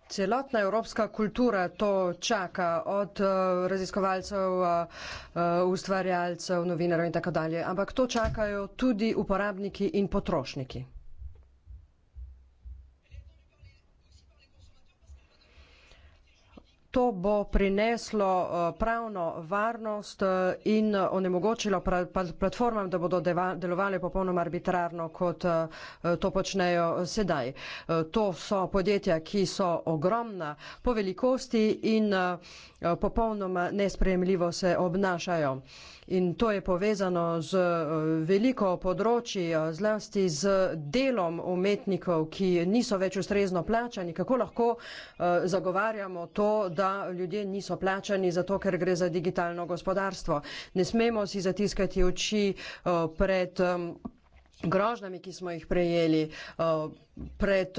Celotna evropska kultura to čaka od eh, raziskovalcev, eh, ustvarjalcev, novinarjev in tako dalje, ampak to čakajo tudi uporabniki in potrošniki. to bo prineslo eh, pravno varnost eh, in onemogočilo platformam, da bodo delovali popolnoma arbitrarno, kot eh, to počnejo sedaj. To so podjetja, ki so ogromna po velikosti in popolnoma nesprejemljivo se obnašajo in to je povezano z eh, veliko področji, eh, zlasti z delom umetnikov, ki niso več ustrezno plačani. Kako lahko eh, zagovarjamo to, da ljudje niso plačani zato, ker gre za digitalno gospodarstvo? Ne smemo si zatiskati oči pred grožnami, ki smo jih prejeli, pred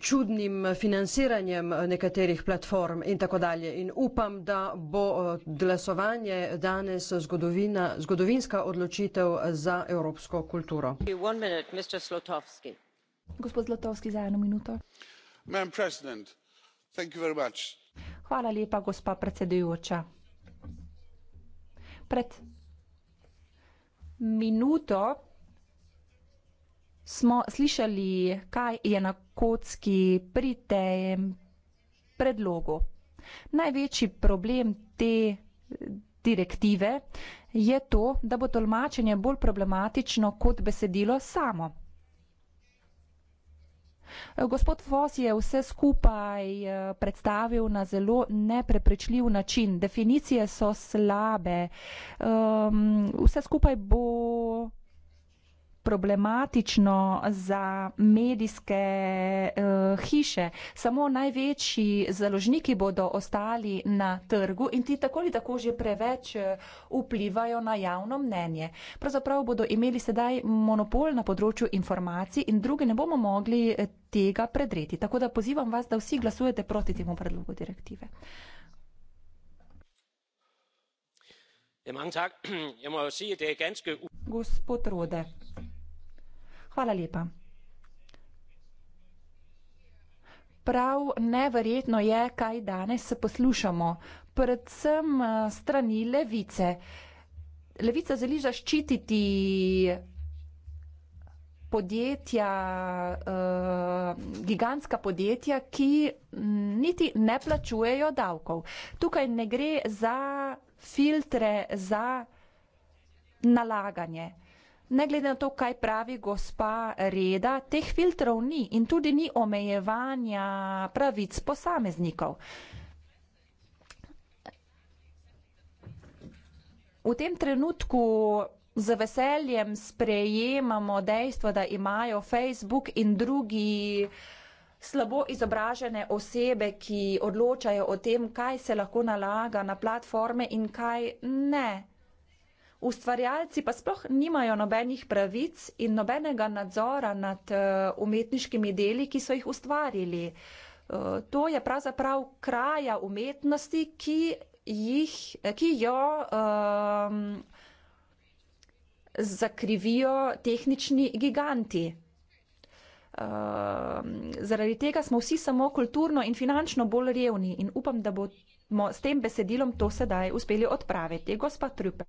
čudnim financiranjem nekaterih platform in tako dalje. In upam, da bo eh, glasovanje danes zgodovinska odločitev za evropsko kulturo. Gospod Zlotovski, za eno minuto. Hvala lepa, gospa predsedujoča. Pred minuto smo slišali, kaj je na kocki pri tem predlogu. Največji problem te direktive je to, da bo tolmačenje bolj problematično kot besedilo samo. Gospod Vos je vse skupaj eh, predstavil na zelo neprepričljiv način. Definicije so slabe. Um, vse skupaj bo problematično za medijske e, hiše. Samo največji založniki bodo ostali na trgu in ti tako ali tako že preveč eh, vplivajo na javno mnenje. Pravzaprav bodo imeli sedaj monopol na področju informacij in druge ne bomo mogli eh, tega predreti. Tako da pozivam vas, da vsi glasujete proti temu predlogu direktive. Ja, er Gospod Rode. Hvala lepa. Prav neverjetno je, kaj danes poslušamo, predvsem eh, strani levice. Levica želi zaščititi podjetja, uh, gigantska podjetja, ki mm, niti ne plačujejo davkov. Tukaj ne gre za filtre, za nalaganje ne glede na to, kaj pravi gospa Reda, teh filtrov ni in tudi ni omejevanja pravic posameznikov. V tem trenutku z veseljem sprejemamo dejstvo, da imajo Facebook in drugi slabo izobražene osebe, ki odločajo o tem, kaj se lahko nalaga na platforme in kaj ne ustvarjalci pa sploh nimajo nobenih pravic in nobenega nadzora nad eh, umetniškimi deli, ki so jih ustvarili. Eh, to je pravzaprav kraja umetnosti, ki, jih, ki jo um, zakrivijo tehnični giganti. Uh, zaradi tega smo vsi samo kulturno in finančno bolj revni in upam, da bo smo s tem besedilom to sedaj uspeli odpraviti. Gospa Trupe,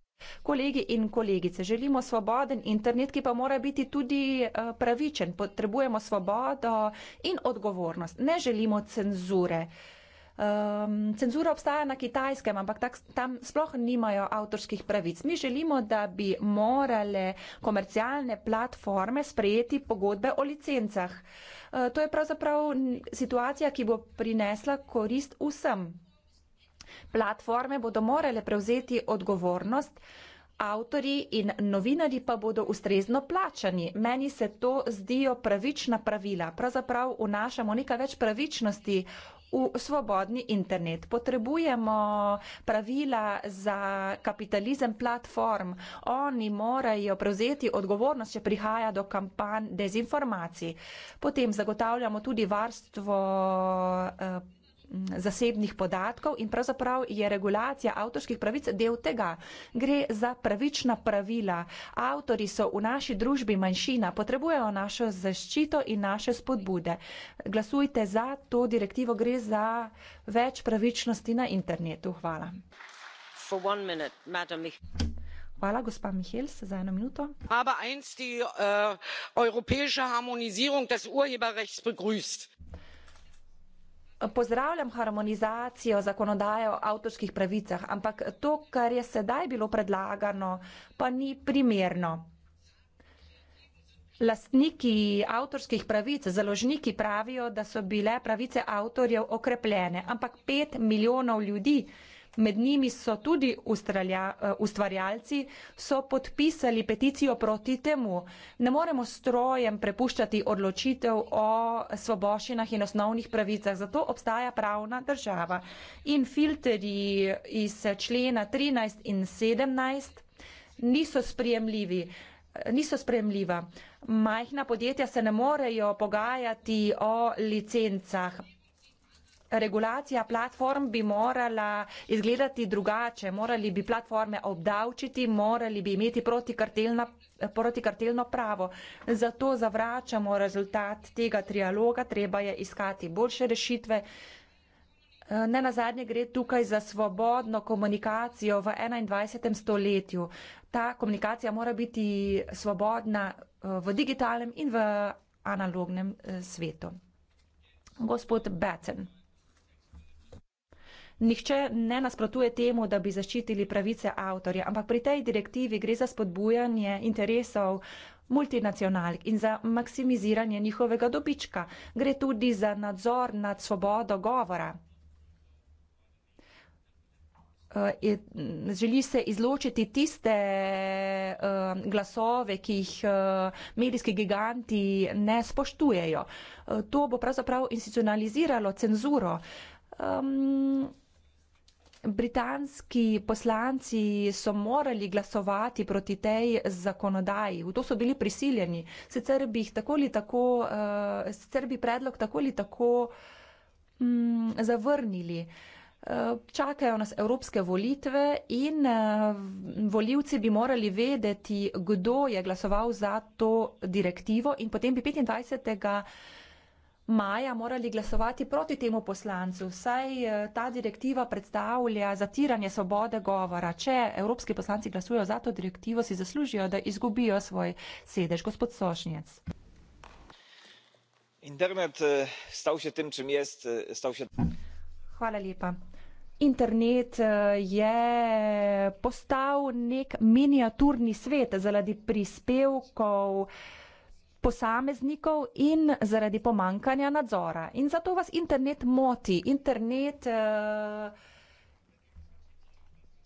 kolegi in kolegice, želimo svoboden internet, ki pa mora biti tudi eh, pravičen. Potrebujemo svobodo in odgovornost. Ne želimo cenzure. Um, cenzura obstaja na kitajskem, ampak tak, tam sploh nimajo avtorskih pravic. Mi želimo, da bi morale komercialne platforme sprejeti pogodbe o licencah. Uh, to je pravzaprav situacija, ki bo prinesla korist vsem. Platforme bodo morale prevzeti odgovornost, avtori in novinari pa bodo ustrezno plačani. Meni se to zdijo pravična pravila. Pravzaprav vnašamo nekaj več pravičnosti v svobodni internet. Potrebujemo pravila za kapitalizem platform. Oni morajo prevzeti odgovornost, če prihaja do kampanj dezinformacij. Potem zagotavljamo tudi varstvo. Eh, zasebnih podatkov in pravzaprav je regulacija avtorskih pravic del tega. Gre za pravična pravila. Avtori so v naši družbi manjšina, potrebujejo našo zaščito in naše spodbude. Glasujte za to direktivo, gre za več pravičnosti na internetu. Hvala. Hvala, gospa Michels, za eno minuto. Aber eins, die uh, europäische Harmonisierung des Urheberrechts begrüßt pozdravljam harmonizacijo zakonodaje o avtorskih pravicah, ampak to, kar je sedaj bilo predlagano, pa ni primerno. Lastniki avtorskih pravic, založniki pravijo, da so bile pravice avtorjev okrepljene, ampak pet milijonov ljudi, med njimi so tudi ustralja, eh, ustvarjalci, so podpisali peticijo proti temu. Ne moremo strojem prepuščati odločitev o svoboščinah in osnovnih pravicah, zato obstaja pravna država. In filtri iz člena 13 in 17 niso sprijemljivi. Niso sprejemljiva. Majhna podjetja se ne morejo pogajati o licencah regulacija platform bi morala izgledati drugače. Morali bi platforme obdavčiti, morali bi imeti protikartelna protikartelno pravo. Zato zavračamo rezultat tega trialoga, treba je iskati boljše rešitve. Ne nazadnje gre tukaj za svobodno komunikacijo v 21. stoletju. Ta komunikacija mora biti svobodna eh, v digitalnem in v analognem eh, svetu. Gospod Batten. Nihče ne nasprotuje temu, da bi zaščitili pravice avtorja, ampak pri tej direktivi gre za spodbujanje interesov multinacionalk in za maksimiziranje njihovega dobička. Gre tudi za nadzor nad svobodo govora. Eh, želi se izločiti tiste eh, glasove, ki jih eh, medijski giganti ne spoštujejo. To bo pravzaprav institucionaliziralo cenzuro. Britanski poslanci so morali glasovati proti tej zakonodaji, v to so bili prisiljeni, sicer bi, tako tako, uh, sicer bi predlog tako ali tako um, zavrnili. Eh, čakajo nas evropske volitve in eh, voljivci bi morali vedeti, kdo je glasoval za to direktivo in potem bi 25 maja morali glasovati proti temu poslancu, saj eh, ta direktiva predstavlja zatiranje svobode govora. Če evropski poslanci glasujejo za to direktivo, si zaslužijo, da izgubijo svoj sedež, gospod Sošnjec. Internet eh, stal še tem, čem jaz eh, stal še. Hvala lepa. Internet je postal nek miniaturni svet zaradi prispevkov posameznikov in zaradi pomankanja nadzora. In zato vas internet moti. Internet uh,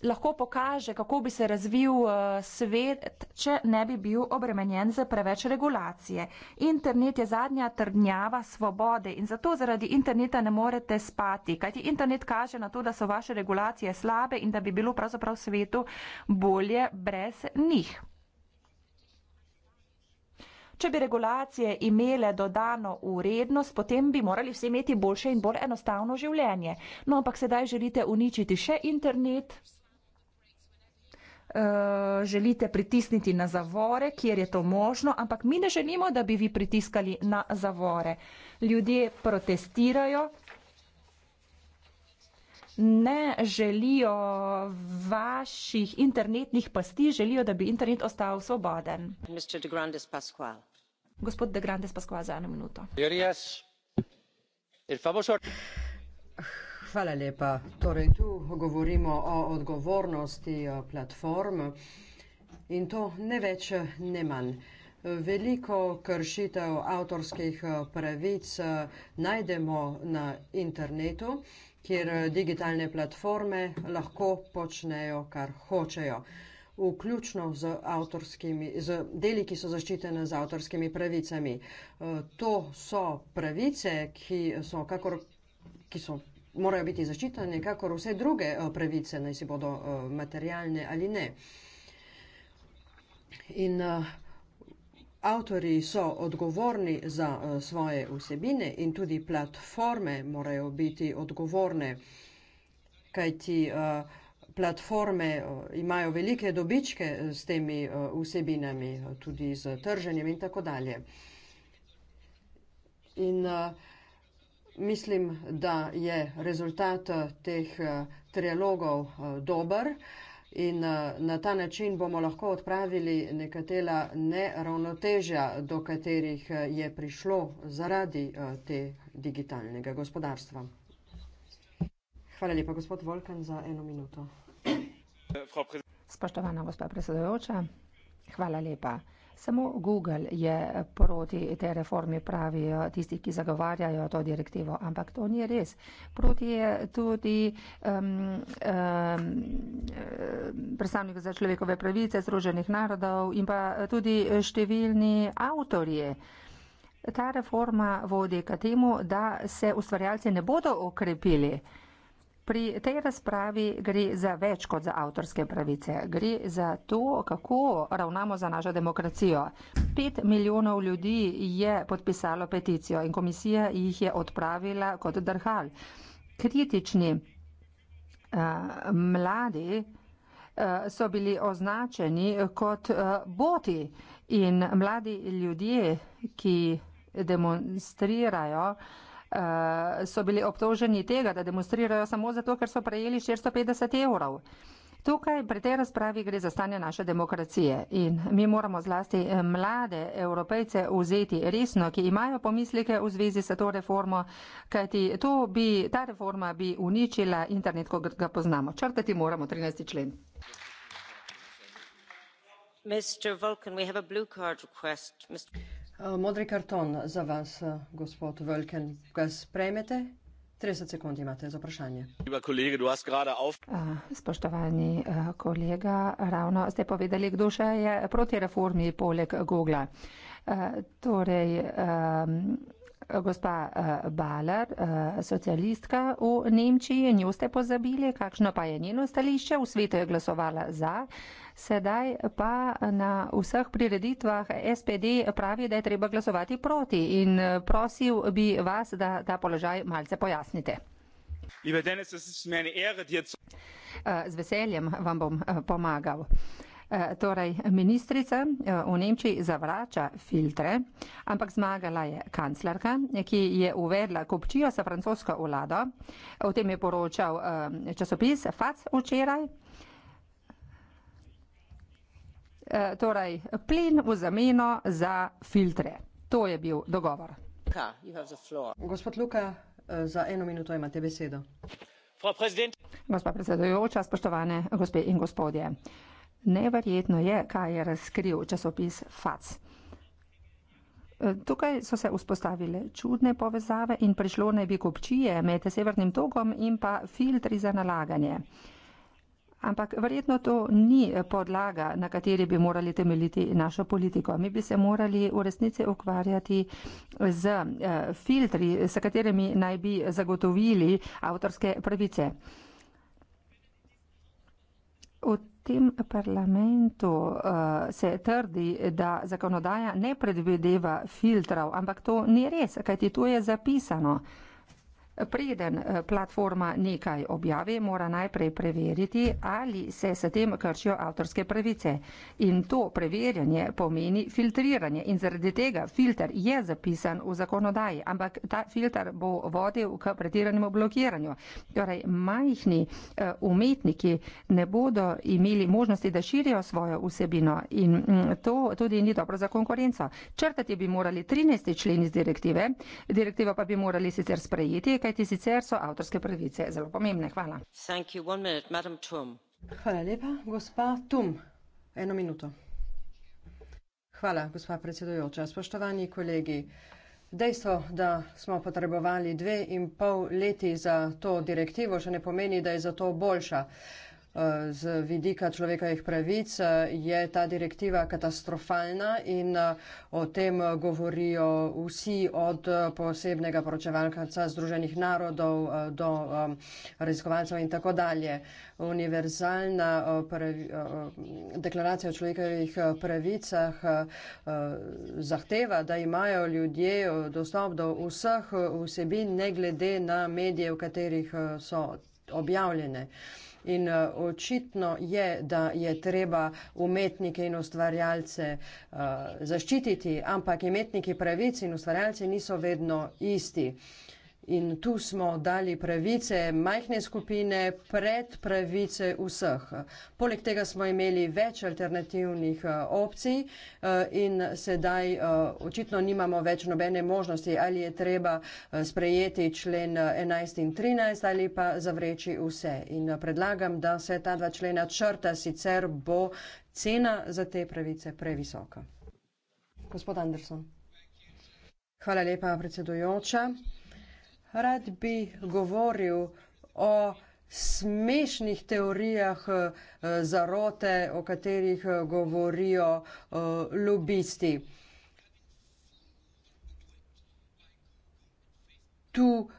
lahko pokaže, kako bi se razvil uh, svet, če ne bi bil obremenjen z preveč regulacije. Internet je zadnja trdnjava svobode in zato zaradi interneta ne morete spati, kajti internet kaže na to, da so vaše regulacije slabe in da bi bilo pravzaprav svetu bolje brez njih. Če bi regulacije imele dodano urednost, potem bi morali vsi imeti boljše in bolj enostavno življenje. No, ampak sedaj želite uničiti še internet. Uh, želite pritisniti na zavore, kjer je to možno, ampak mi ne želimo, da bi vi pritiskali na zavore. Ljudje protestirajo, ne želijo vaših internetnih pasti, želijo, da bi internet ostal svoboden. Gospod De Grandes Pasqual, za eno minuto. Hvala lepa. Torej, tu govorimo o odgovornosti platform in to ne več, ne manj. Veliko kršitev avtorskih pravic najdemo na internetu kjer eh, digitalne platforme lahko počnejo, kar hočejo. Vključno z, z deli, ki so zaščitene z avtorskimi pravicami. Eh, to so pravice, ki so, kakor, ki so morajo biti zaščitene, kakor vse druge eh, pravice, naj si bodo materialne ali ne. In uh, Avtori so odgovorni za eh, svoje vsebine in tudi platforme morajo biti odgovorne, kajti eh, platforme eh, imajo velike dobičke s temi vsebinami, tudi z trženjem in tako dalje. In mislim, da je rezultat teh trialogov dober in eh, na ta način bomo lahko odpravili nekatera neravnotežja, do katerih eh, je prišlo zaradi eh, te digitalnega gospodarstva. Hvala lepa, gospod Volkan, za eno minuto. Spoštovana gospa predsedujoča, hvala lepa. Samo Google je proti tej reformi, pravijo tisti, ki zagovarjajo to direktivo, ampak to ni res. Proti je tudi um, um, predstavnik za človekove pravice Združenih narodov in pa tudi številni avtorje. Ta reforma vodi k temu, da se ustvarjalci ne bodo okrepili. Pri tej razpravi gre za več kot za avtorske pravice. Gre za to, kako ravnamo za našo demokracijo. Pet milijonov ljudi je podpisalo peticijo in komisija jih je odpravila kot drhal. Kritični uh, mladi eh, so bili označeni kot eh, boti in mladi ljudje, ki demonstrirajo uh, Eh, so bili obtoženi tega, da demonstrirajo samo zato, ker so prejeli 450 evrov. Tukaj pri tej razpravi gre za stanje naše demokracije in mi moramo zlasti eh, mlade evropejce vzeti resno, ki imajo pomislike v zvezi s to reformo, kajti to bi, ta reforma bi uničila internet, ko ga poznamo. Črtati moramo 13. člen. Mr. Vulcan, we have a blue card request. Mr. Eh, modri karton za vas, eh, gospod Völken. Ga sprejmete? 30 sekund imate za vprašanje. Kolege, auf... uh, spoštovani uh, kolega, ravno ste povedali, kdo še je proti reformi poleg Google. Uh, torej, um, gospa uh, Baler, uh, socialistka v Nemčiji, njo ste pozabili, kakšno pa je njeno stališče, v svetu je glasovala za. Uh, Sedaj pa na vseh prireditvah SPD pravi, da je treba glasovati proti in eh, prosil bi vas, da ta položaj malce pojasnite. Eh, z veseljem vam bom eh, pomagal. Torej, ministrica v Nemčiji zavrača filtre, ampak zmagala je kanclerka, ki je uvedla kopčijo sa francosko vlado. O tem je poročal časopis FAC včeraj. Eh, torej plin v zameno za filtre. To je bil dogovor. Gospod Luka, eh, za eno minuto imate besedo. Gospa predsedujoča, spoštovane gospe in gospodje. Neverjetno je, kaj je razkril časopis FAC. Eh, tukaj so se vzpostavile čudne povezave in prišlo naj bi kopčije med severnim togom in pa filtri za nalaganje. Ampak verjetno to ni eh, podlaga, na kateri bi morali temeljiti našo politiko. Mi bi se morali v resnici ukvarjati z eh, filtri, s katerimi naj bi zagotovili avtorske pravice. V tem parlamentu uh, se trdi, da zakonodaja ne predvideva filtrov, ampak to ni res, kajti to je zapisano. Uh, Preden eh, platforma nekaj objavi, mora najprej preveriti, ali se s tem kršijo avtorske pravice. In to preverjanje pomeni filtriranje in zaradi tega filter je zapisan v zakonodaji, ampak ta filter bo vodil k pretiranemu blokiranju. Torej, majhni eh, umetniki ne bodo imeli možnosti, da širijo svojo vsebino in mm, to tudi ni dobro za konkurenco. Črtati bi morali 13. člen iz direktive, direktivo pa bi morali sicer sprejeti, kajti sicer so avtorske pravice zelo pomembne. Hvala. Hvala lepa, gospa Tum. Eno minuto. Hvala, gospa predsedujoča. Spoštovani kolegi, dejstvo, da smo potrebovali dve in pol leti za to direktivo, še ne pomeni, da je za to boljša. Uh, z vidika človekovih pravic je ta direktiva katastrofalna in o tem govorijo vsi od posebnega poročevalca Združenih narodov do um, raziskovalcev in tako dalje. Univerzalna pravi, deklaracija o človekovih pravicah zahteva, da imajo ljudje dostop do vseh vsebin, ne glede na medije, v katerih so objavljene. In uh, očitno je, da je treba umetnike in ustvarjalce uh, zaščititi, ampak imetniki pravic in ustvarjalci niso vedno isti. Uh, In tu smo dali pravice majhne skupine pred pravice vseh. Poleg tega smo imeli več alternativnih eh, opcij eh, in sedaj eh, očitno nimamo več nobene možnosti, ali je treba sprejeti člen 11 in 13 ali pa zavreči vse. In predlagam, da se ta dva člena črta, sicer bo cena za te pravice previsoka. Gospod Anderson. Hvala lepa, predsedujoča rad bi govoril o smešnih teorijah eh, zarote, o katerih eh, govorijo eh, lobisti. Tu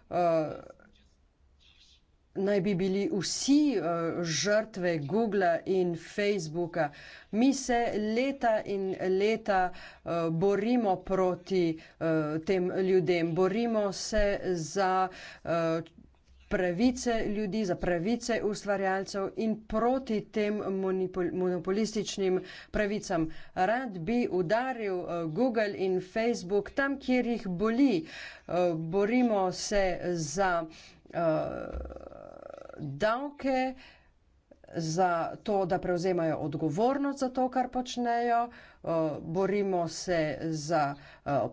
naj bi bili vsi uh, žrtve Google in Facebooka. Mi se leta in leta uh, borimo proti uh, tem ljudem, borimo se za uh, pravice ljudi, za pravice ustvarjalcev in proti tem monopol monopolističnim pravicam. Rad bi udaril uh, Google in Facebook tam, kjer jih boli. Uh, borimo se za. Uh, davke, za to, da prevzemajo odgovornost za to, kar počnejo, borimo se za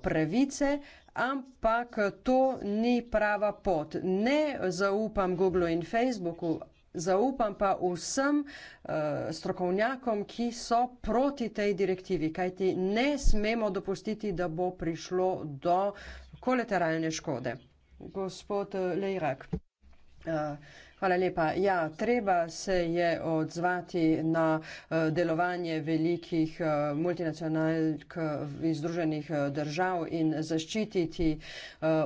pravice, ampak to ni prava pot. Ne zaupam Google in Facebooku. Zaupam pa vsem uh, strokovnjakom, ki so proti tej direktivi, kajti ne smemo dopustiti, da bo prišlo do kolateralne škode. Gospod e, Lejrak, uh, Hvala lepa. Ja, treba se je odzvati na eh, delovanje velikih eh, multinacionalk eh, iz druženih držav in zaščititi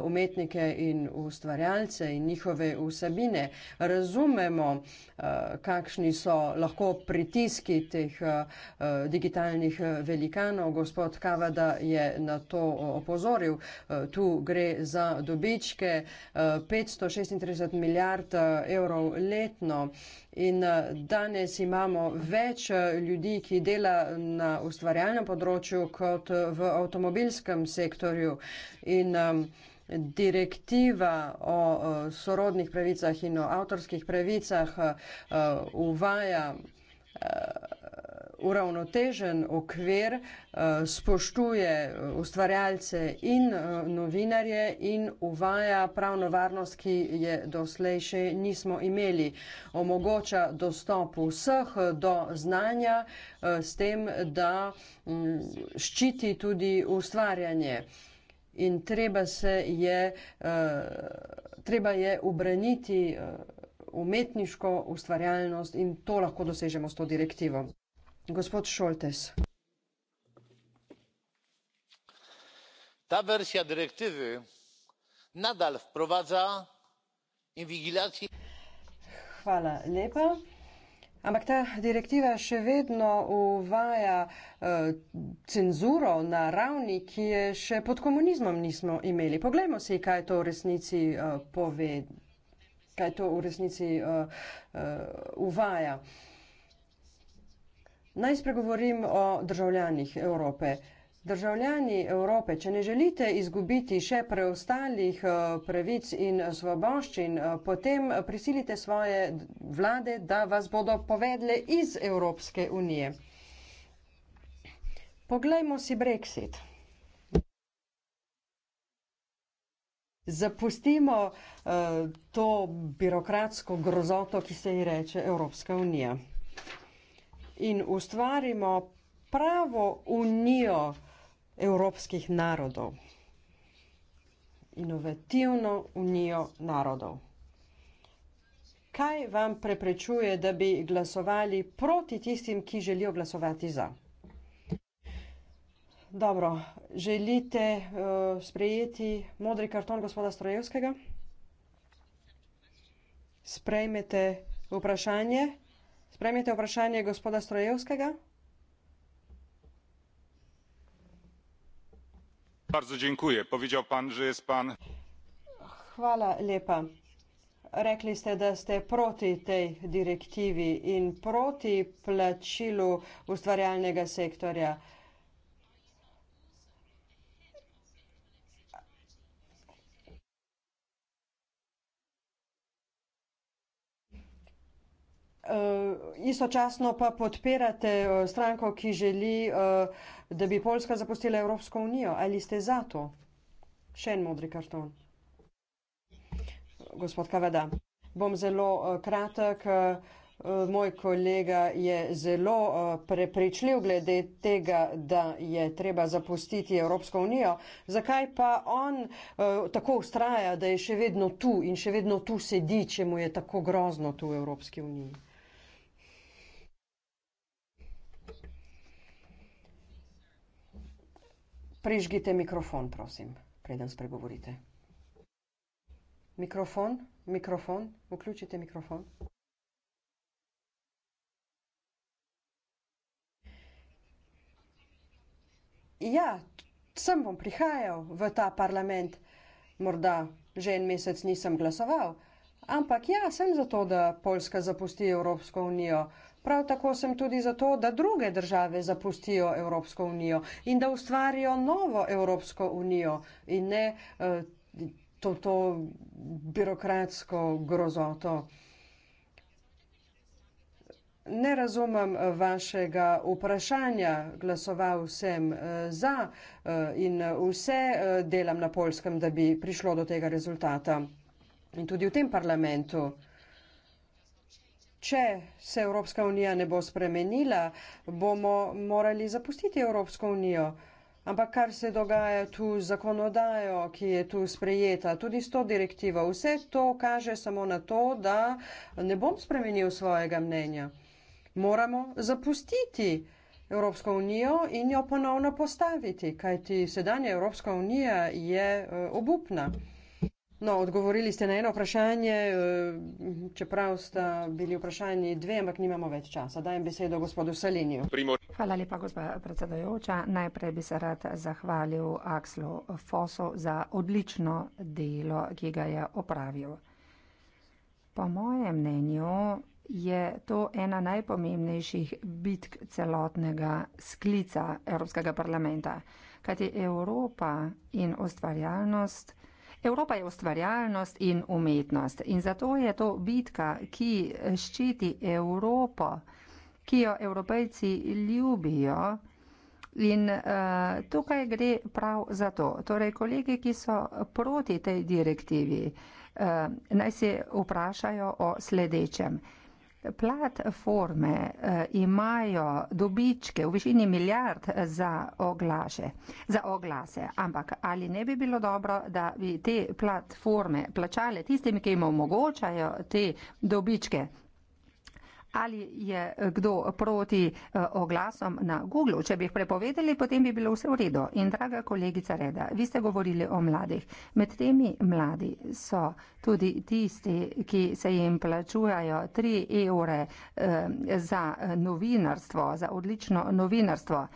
umetnike in ustvarjalce in njihove vsebine. Razumemo, kakšni so lahko pritiski teh digitalnih velikanov. Gospod Kavada je na to opozoril. Tu gre za dobičke 536 milijard evrov evrov letno. In eh, danes imamo več eh, ljudi, ki dela na ustvarjalnem področju kot v avtomobilskem sektorju. In eh, direktiva o sorodnih pravicah in o avtorskih pravicah uvaja uravnotežen okvir eh, spoštuje eh, ustvarjalce in eh, novinarje in uvaja pravno varnost, ki je doslej še nismo imeli. Omogoča dostop vseh do znanja s tem, da mm, ščiti tudi ustvarjanje. In treba se je, treba je obraniti umetniško ustvarjalnost in to lahko dosežemo s to direktivo gospod Šoltes. Ta versija direktive nadal vprovadza invigilacijo. Hvala lepa. Ampak ta direktiva še vedno uvaja eh, cenzuro na ravni, ki je še pod komunizmom nismo imeli. Poglejmo si, kaj to v resnici eh, pove, kaj to v resnici eh, eh, uvaja. Naj spregovorim o državljanih Evrope. Državljani Evrope, če ne želite izgubiti še preostalih eh, pravic in svoboščin, eh, potem prisilite svoje vlade, da vas bodo povedle iz Evropske unije. Poglejmo si Brexit. Zapustimo uh, to birokratsko grozoto, ki se ji reče Evropska unija in ustvarimo pravo unijo evropskih narodov. Inovativno unijo narodov. Kaj vam preprečuje, da bi glasovali proti tistim, ki želijo glasovati za? Dobro, želite uh, sprejeti modri karton gospoda Strojevskega? Sprejmete vprašanje. Spremite vprašanje gospoda Strojevskega. Bardzo dziękuję. Powiedział pan, że jest pan. Hvala lepa. Rekli ste, da ste proti tej direktivi in proti plačilu ustvarjalnega sektorja. Eh, istočasno pa podpirate eh, stranko, ki želi, eh, da bi Poljska zapustila Evropsko unijo. Ali ste za to? Še en modri karton. Gospod Kaveda, bom zelo kratek. Moj kolega je zelo prepričljiv glede tega, da je treba zapustiti Evropsko unijo. Zakaj pa on tako ustraja, da je še vedno tu in še vedno tu sedi, če mu je tako grozno tu v Evropski uniji? Prižgite mikrofon, prosim, preden spregovorite. Mikrofon, mikrofon, vključite mikrofon. Ja, sem bom prihajal v ta parlament, morda že en mesec nisem glasoval, ampak ja, sem zato, da Poljska zapusti Evropsko unijo prav tako sem tudi za to, da druge države zapustijo Evropsko unijo in da ustvarijo novo Evropsko unijo in ne eh, to, to birokratsko grozoto. Ne razumem eh, vašega vprašanja, glasoval sem eh, za in vse delam na polskem, da bi prišlo do tega rezultata. In tudi v tem parlamentu če se Evropska unija ne bo spremenila, bomo morali zapustiti Evropsko unijo. Ampak kar se dogaja tu z zakonodajo, ki je tu sprejeta, tudi s to direktivo, vse to kaže samo na to, da ne bom spremenil svojega mnenja. Moramo zapustiti Evropsko unijo in jo ponovno postaviti, kajti sedanja Evropska unija je eh, obupna. Uh, No, odgovorili ste na eno vprašanje, eh, čeprav sta bili vprašanji dve, ampak nimamo več časa. Dajem besedo gospodu Saliniju. Hvala lepa, gospod predsedojoča. Najprej bi se rad zahvalil Akslu Foso za odlično delo, ki ga je opravil. Po mojem mnenju je to ena najpomembnejših bitk celotnega sklica Evropskega parlamenta, kajti Evropa in ustvarjalnost Evropa je ustvarjalnost in umetnost in zato je to bitka, ki ščiti Evropo, ki jo evropejci ljubijo. In uh, tukaj gre prav za to. Torej, kolegi, ki so proti tej direktivi, uh, naj se vprašajo o sledečem. Uh, Platforme eh, imajo dobičke v višini milijard za, oglaže, za oglase, ampak ali ne bi bilo dobro, da bi te platforme plačale tistim, ki jim omogočajo te dobičke? ali je eh, kdo proti eh, oglasom na Google. Če bi jih prepovedali, potem bi bilo vse v redu. In draga kolegica Reda, vi ste govorili o mladih. Med temi mladi so tudi tisti, ki se jim plačujajo 3 evre eh, za novinarstvo, za odlično novinarstvo.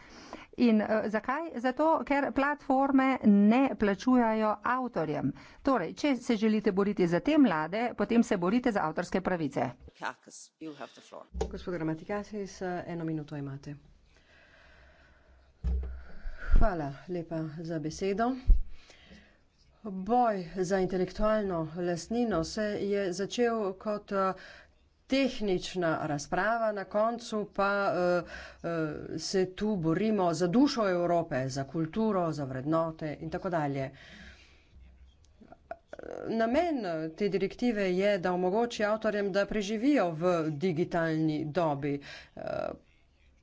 In eh, zakaj? Zato, ker platforme ne plačujajo avtorjem. Torej, če se želite boriti za te mlade, potem se borite za avtorske pravice. Gospod Gramatikasis, eno minuto imate. Hvala lepa za besedo. Boj za intelektualno lasnino se je začel kot uh, tehnična razprava, na koncu pa uh, uh, se tu borimo za dušo Evrope, za kulturo, za vrednote in tako dalje. Namen eh, te direktive je, da omogoči avtorjem, da preživijo v digitalni dobi. Uh,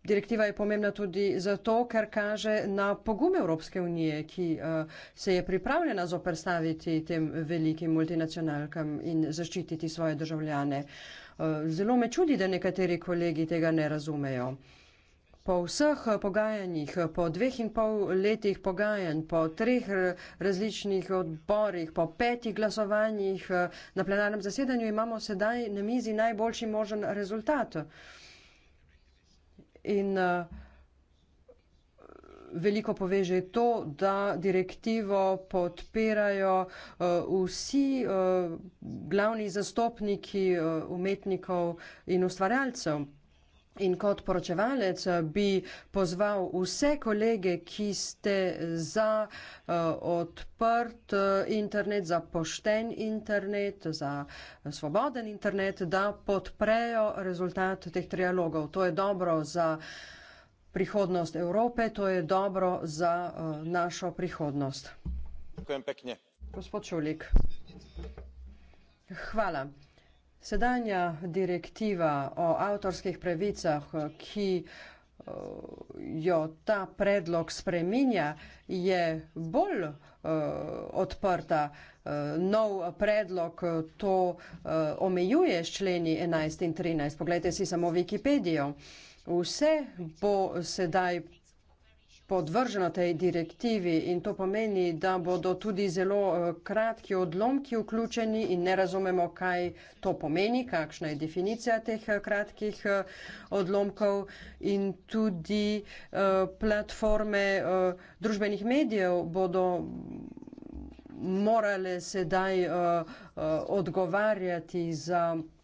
Direktiva je pomembna tudi zato, ker kaže na pogum Evropske unije, ki uh, se je pripravljena zoperstaviti tem velikim multinacionalkam in zaščititi svoje državljane. Uh, Eh, zelo me čudi, da nekateri kolegi tega ne razumejo. Po vseh pogajanjih, po dveh in pol letih pogajanj, po treh različnih odborih, po petih glasovanjih eh, na plenarnem zasedanju imamo sedaj na mizi najboljši možen rezultat. In uh, veliko pove že to, da direktivo podpirajo eh, vsi eh, glavni zastopniki eh, umetnikov in ustvarjalcev. In kot poročevalec bi pozval vse kolege, ki ste za uh, odprt uh, internet, za pošten internet, za svoboden internet, da podprejo rezultat teh trialogov. To je dobro za uh, prihodnost Evrope, to je dobro za uh, našo prihodnost. Gospod Čulik, hvala. Sedanja direktiva o avtorskih pravicah, ki eh, jo ta predlog spreminja, je bolj uh, odprta. Uh, nov predlog to uh, omejuje s členi 11 in 13. Poglejte si samo Wikipedijo. Uh, Vse bo sedaj podvrženo tej direktivi in to pomeni, da bodo tudi zelo eh, kratki odlomki vključeni in ne razumemo, kaj to pomeni, kakšna je definicija teh eh, kratkih eh, odlomkov in tudi platforme družbenih medijev bodo morale sedaj odgovarjati za odlomke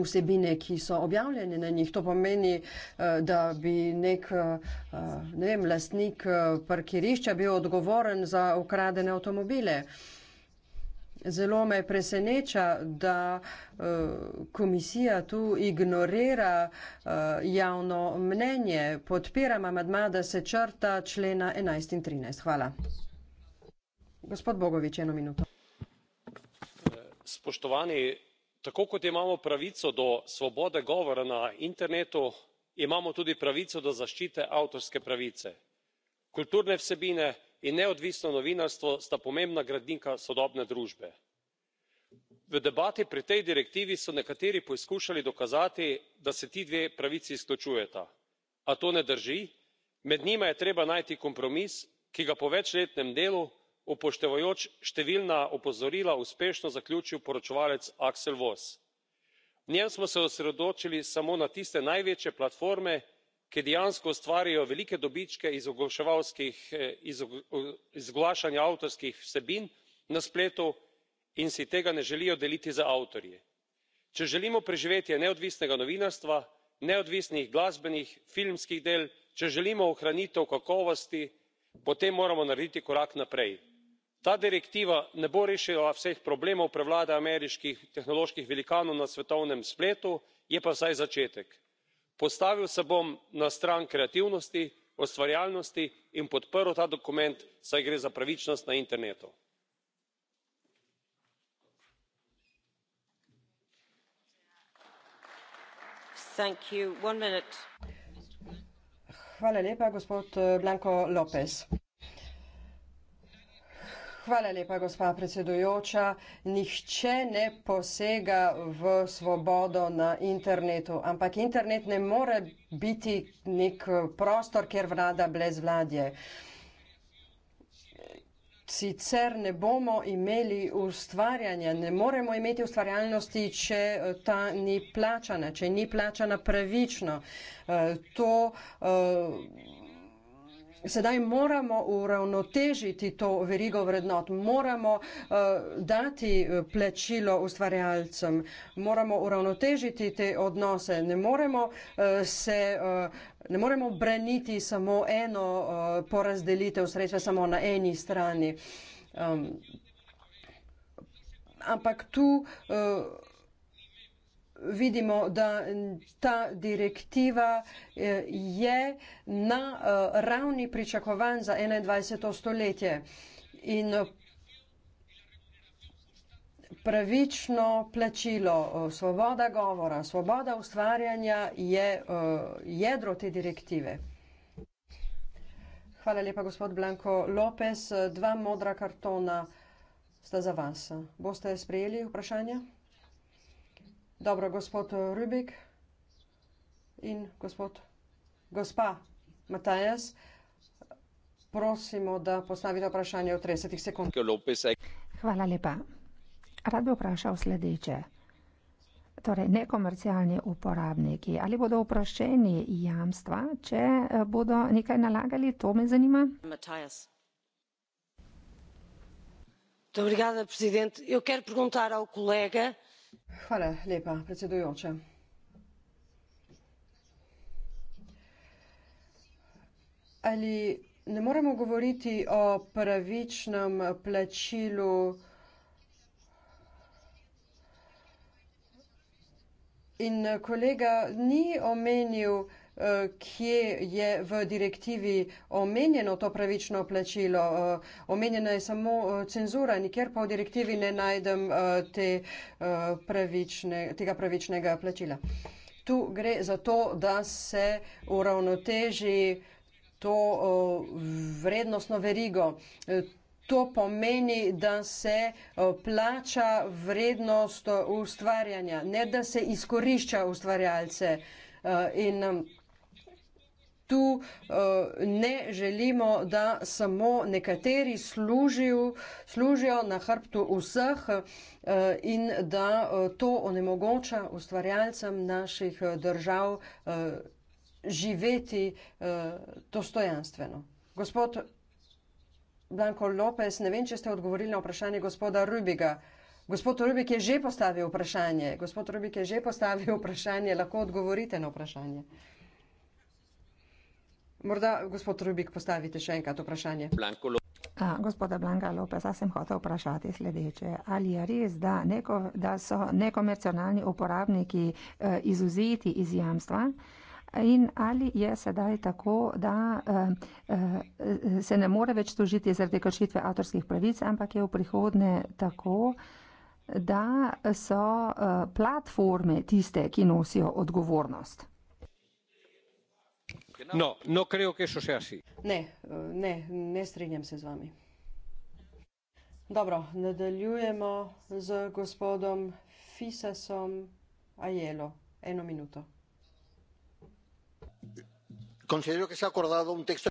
vsebine, ki so objavljene na njih. To pomeni, eh, da bi nek eh, ne vem, lastnik eh, parkirišča bil odgovoren za ukradene avtomobile. Zelo me preseneča, da komisija tu ignorira javno mnenje. Podpiram amadma, da se črta člena 11 in 13. Hvala. Gospod Bogovič, eno minuto. Spoštovani, tako kot imamo pravico do svobode govora na internetu imamo tudi pravico do zaščite avtorske pravice. kulturne vsebine in neodvisno novinarstvo sta pomembna gradnika sodobne družbe. v debati pri tej direktivi so nekateri poskušali dokazati da se ti dve pravici izključujeta a to ne drži med njima je treba najti kompromis ki ga po večletnem delu upoštevajoč številna opozorila uspešno zaključil poročevalec axel voss. v njem smo se osredotočili samo na tiste največje platforme ki dejansko ustvarjajo velike dobičke iz oglaševalskihizoglašanja eh, avtorskih vsebin na spletu in si tega ne želijo deliti z avtorji. če želimo preživetje neodvisnega novinarstva neodvisnih glasbenih filmskih del če želimo ohranitev kakovosti potem moramo narediti korak naprej ta direktiva ne bo rešila vseh problemov prevlade ameriških tehnoloških velikanov na svetovnem spletu je pa vsaj začetek. postavil se bom na stran kreativnosti ustvarjalnosti in podprl ta dokument saj gre za pravičnost na internetu. Hvala lepa, gospa predsedujoča. Nihče ne posega v svobodo na internetu, ampak internet ne more biti nek eh, prostor, kjer vlada brez vladje. Sicer ne bomo imeli ustvarjanja, ne moremo imeti ustvarjalnosti, če eh, ta ni plačana, če ni plačana pravično. Eh, to Sedaj moramo uravnotežiti to verigo vrednot, moramo uh, dati eh, plačilo ustvarjalcem, moramo uravnotežiti te odnose. Ne moremo, uh, se, uh, ne moremo braniti samo eno uh, porazdelitev sredstva, samo na eni strani. Um, ampak tu. Uh, vidimo, da ta direktiva eh, je na eh, ravni pričakovanj za 21. stoletje in eh, pravično plačilo, svoboda govora, svoboda ustvarjanja je jedro te direktive. Hvala lepa, gospod Blanko Lopez. Dva modra kartona sta za vas. Boste sprejeli vprašanje? Dobro, gospod eh, Rubik in gospod, gospa Matajas, prosimo, da postavite vprašanje v 30 sekundah. Hvala lepa. Rad bi vprašal sledeče. Torej, nekomercialni uporabniki, ali bodo oproščeni jamstva, če eh, bodo nekaj nalagali? To me zanima. Matajas. Dobrigada, presidente. Eu quero perguntar ao colega uh, Hvala lepa, predsedujoče. Ali ne moremo govoriti o pravičnem plačilu in kolega ni omenil, Eh, kje je v direktivi omenjeno to pravično plačilo. Eh, omenjena je samo eh, cenzura, nikjer pa v direktivi ne najdem te pravične, tega pravičnega plačila. Tu gre za to, da se uravnoteži to vrednostno verigo. To pomeni, da se plača vrednost ustvarjanja, ne da se izkorišča ustvarjalce. In tu eh, ne želimo, da samo nekateri služijo, služijo na hrbtu vseh eh, in da eh, to onemogoča ustvarjalcem naših držav živeti dostojanstveno. Gospod Blanko Lopez, ne vem, če ste odgovorili na vprašanje gospoda Rubiga. Gospod Rubik je že postavil vprašanje. Gospod Rubik je že postavil vprašanje, lahko odgovorite na vprašanje. Uh, Morda, gospod Rubik, postavite še enkrat vprašanje. Blanko A, gospoda Blanka Lopesa sem hotel vprašati sledeče. Ali je res, da, neko, da so nekomercionalni uporabniki eh, izuzeti iz jamstva? In ali je sedaj tako, da eh, eh, se ne more več tožiti zaradi kršitve avtorskih pravic, ampak je v prihodne tako, da so eh, platforme tiste, ki nosijo odgovornost? No. no, no creo que eso sea así. Ne, ne, ne strinjam se z vami. Dobro, nadaljujemo z gospodom Fisasom Ajelo. Eno minuto. Considero, da se je akordado un tekst.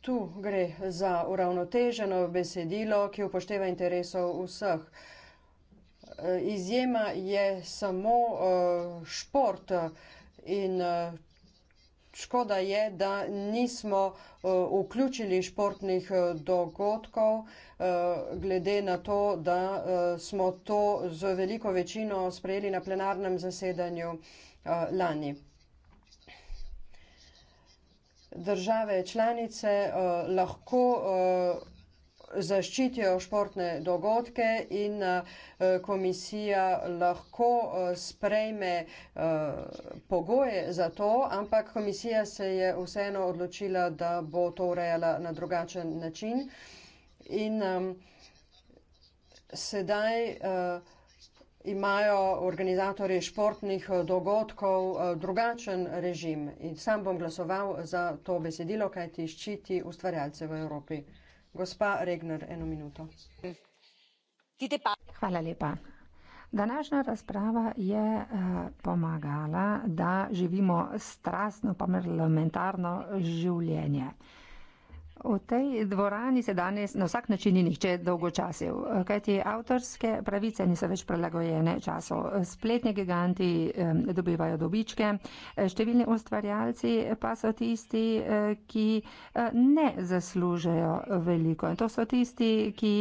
Tu gre za uravnoteženo besedilo, ki upošteva interesov vseh. E, izjema je samo e, šport in e, škoda je, da nismo eh, vključili športnih eh, dogodkov, eh, glede na to, da smo to z veliko večino sprejeli na plenarnem zasedanju lani. Države članice lahko zaščitijo športne dogodke in eh, komisija lahko eh, sprejme eh, pogoje za to, ampak komisija se je vseeno odločila, da bo to urejala na drugačen način. In sedaj imajo organizatori športnih dogodkov drugačen režim in sam bom glasoval za to besedilo, kaj ti ščiti ustvarjalce v Evropi. Hvala lepa. Današnja razprava je eh, pomagala, da živimo strastno parlamentarno življenje. V tej dvorani se danes na vsak način ni nihče dolgo časil, kajti avtorske pravice niso več prelagojene času. Spletni giganti dobivajo dobičke, številni ustvarjalci pa so tisti, eh, ki eh, ne zaslužejo veliko. In to so tisti, ki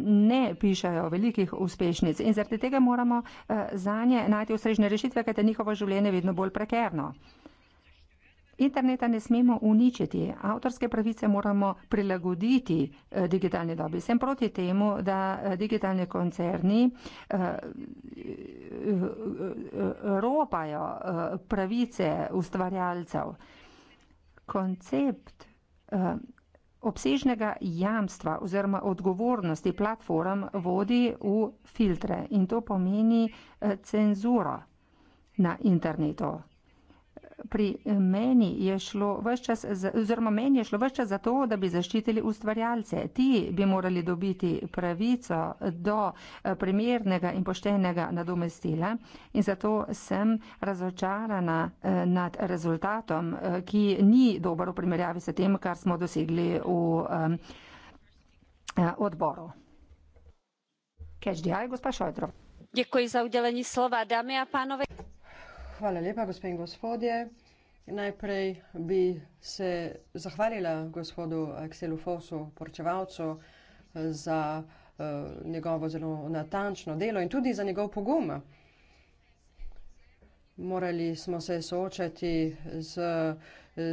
ne pišajo velikih uspešnic. In zaradi tega moramo eh, zanje najti ustrežne rešitve, kajte njihovo življenje je vedno bolj prekerno interneta ne smemo uničiti, avtorske pravice moramo prilagoditi eh, digitalni dobi. Sem proti temu, da eh, digitalni koncerni eh, ropajo pravice ustvarjalcev. Koncept obsežnega jamstva oziroma odgovornosti platform vodi v filtre in to pomeni cenzuro na internetu pri meni je šlo vse čas, z, oziroma meni je šlo vse čas za to, da bi zaščitili ustvarjalce. Ti bi morali dobiti pravico do eh, primernega in poštenega nadomestila in zato sem razočarana eh, nad rezultatom, eh, ki ni dober v primerjavi s tem, kar smo dosegli v um, odboru. Kaj je, gospa Šojdro? Děkuji za udělení slova, dámy a pánové. Hvala lepa, gospe in gospodje. Najprej bi se zahvalila gospodu Axelu Fosu, poročevalcu, za uh, njegovo zelo natančno delo in tudi za njegov pogum. Morali smo se soočati z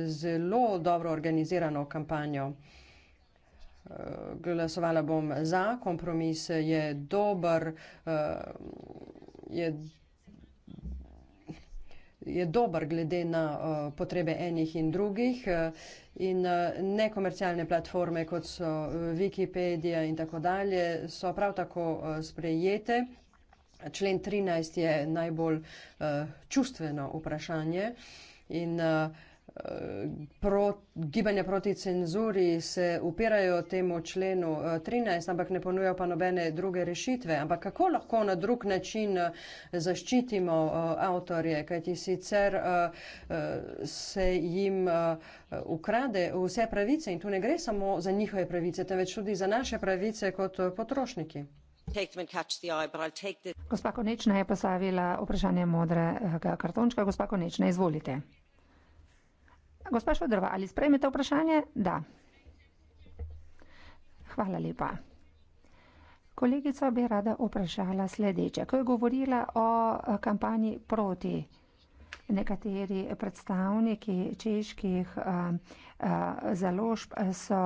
zelo dobro organizirano kampanjo. Glasovala bom za, kompromis je dober, eh, je je dober glede na eh, potrebe enih in drugih. Eh, in eh, nekomercialne platforme, kot so Wikipedia in tako dalje, so prav tako sprejete. Člen 13 je najbolj čustveno vprašanje in pro, gibanja proti cenzuri se upirajo temu členu 13, eh, ampak ne ponujajo pa nobene druge rešitve. Ampak kako lahko na drug način eh, zaščitimo eh, avtorje, kajti sicer se jim ukrade vse pravice in tu ne gre samo za njihove pravice, temveč tudi za naše pravice kot potrošniki. Gospa Konečna je postavila vprašanje modrega kartončka. Gospa Konečna, izvolite. Gospa Šodrova, ali sprejmete vprašanje? Da. Hvala lepa. Kolegica bi rada vprašala sledeče. Ko je govorila o eh, kampanji proti nekateri predstavniki čeških eh, eh, založb, so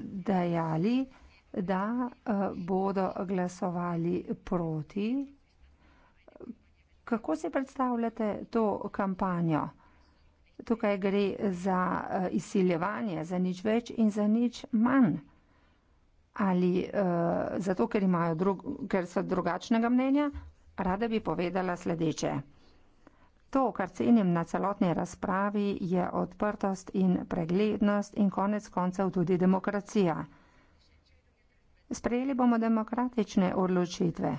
dejali, da bodo glasovali proti. Kako si predstavljate to kampanjo? Tukaj gre za eh, izsiljevanje, za nič več in za nič manj. Ali uh, zato, ker, drug, ker so drugačnega mnenja, rada bi povedala sledeče. To, kar cenim na celotni razpravi, je odprtost in preglednost in konec koncev tudi demokracija. Sprejeli bomo demokratične odločitve.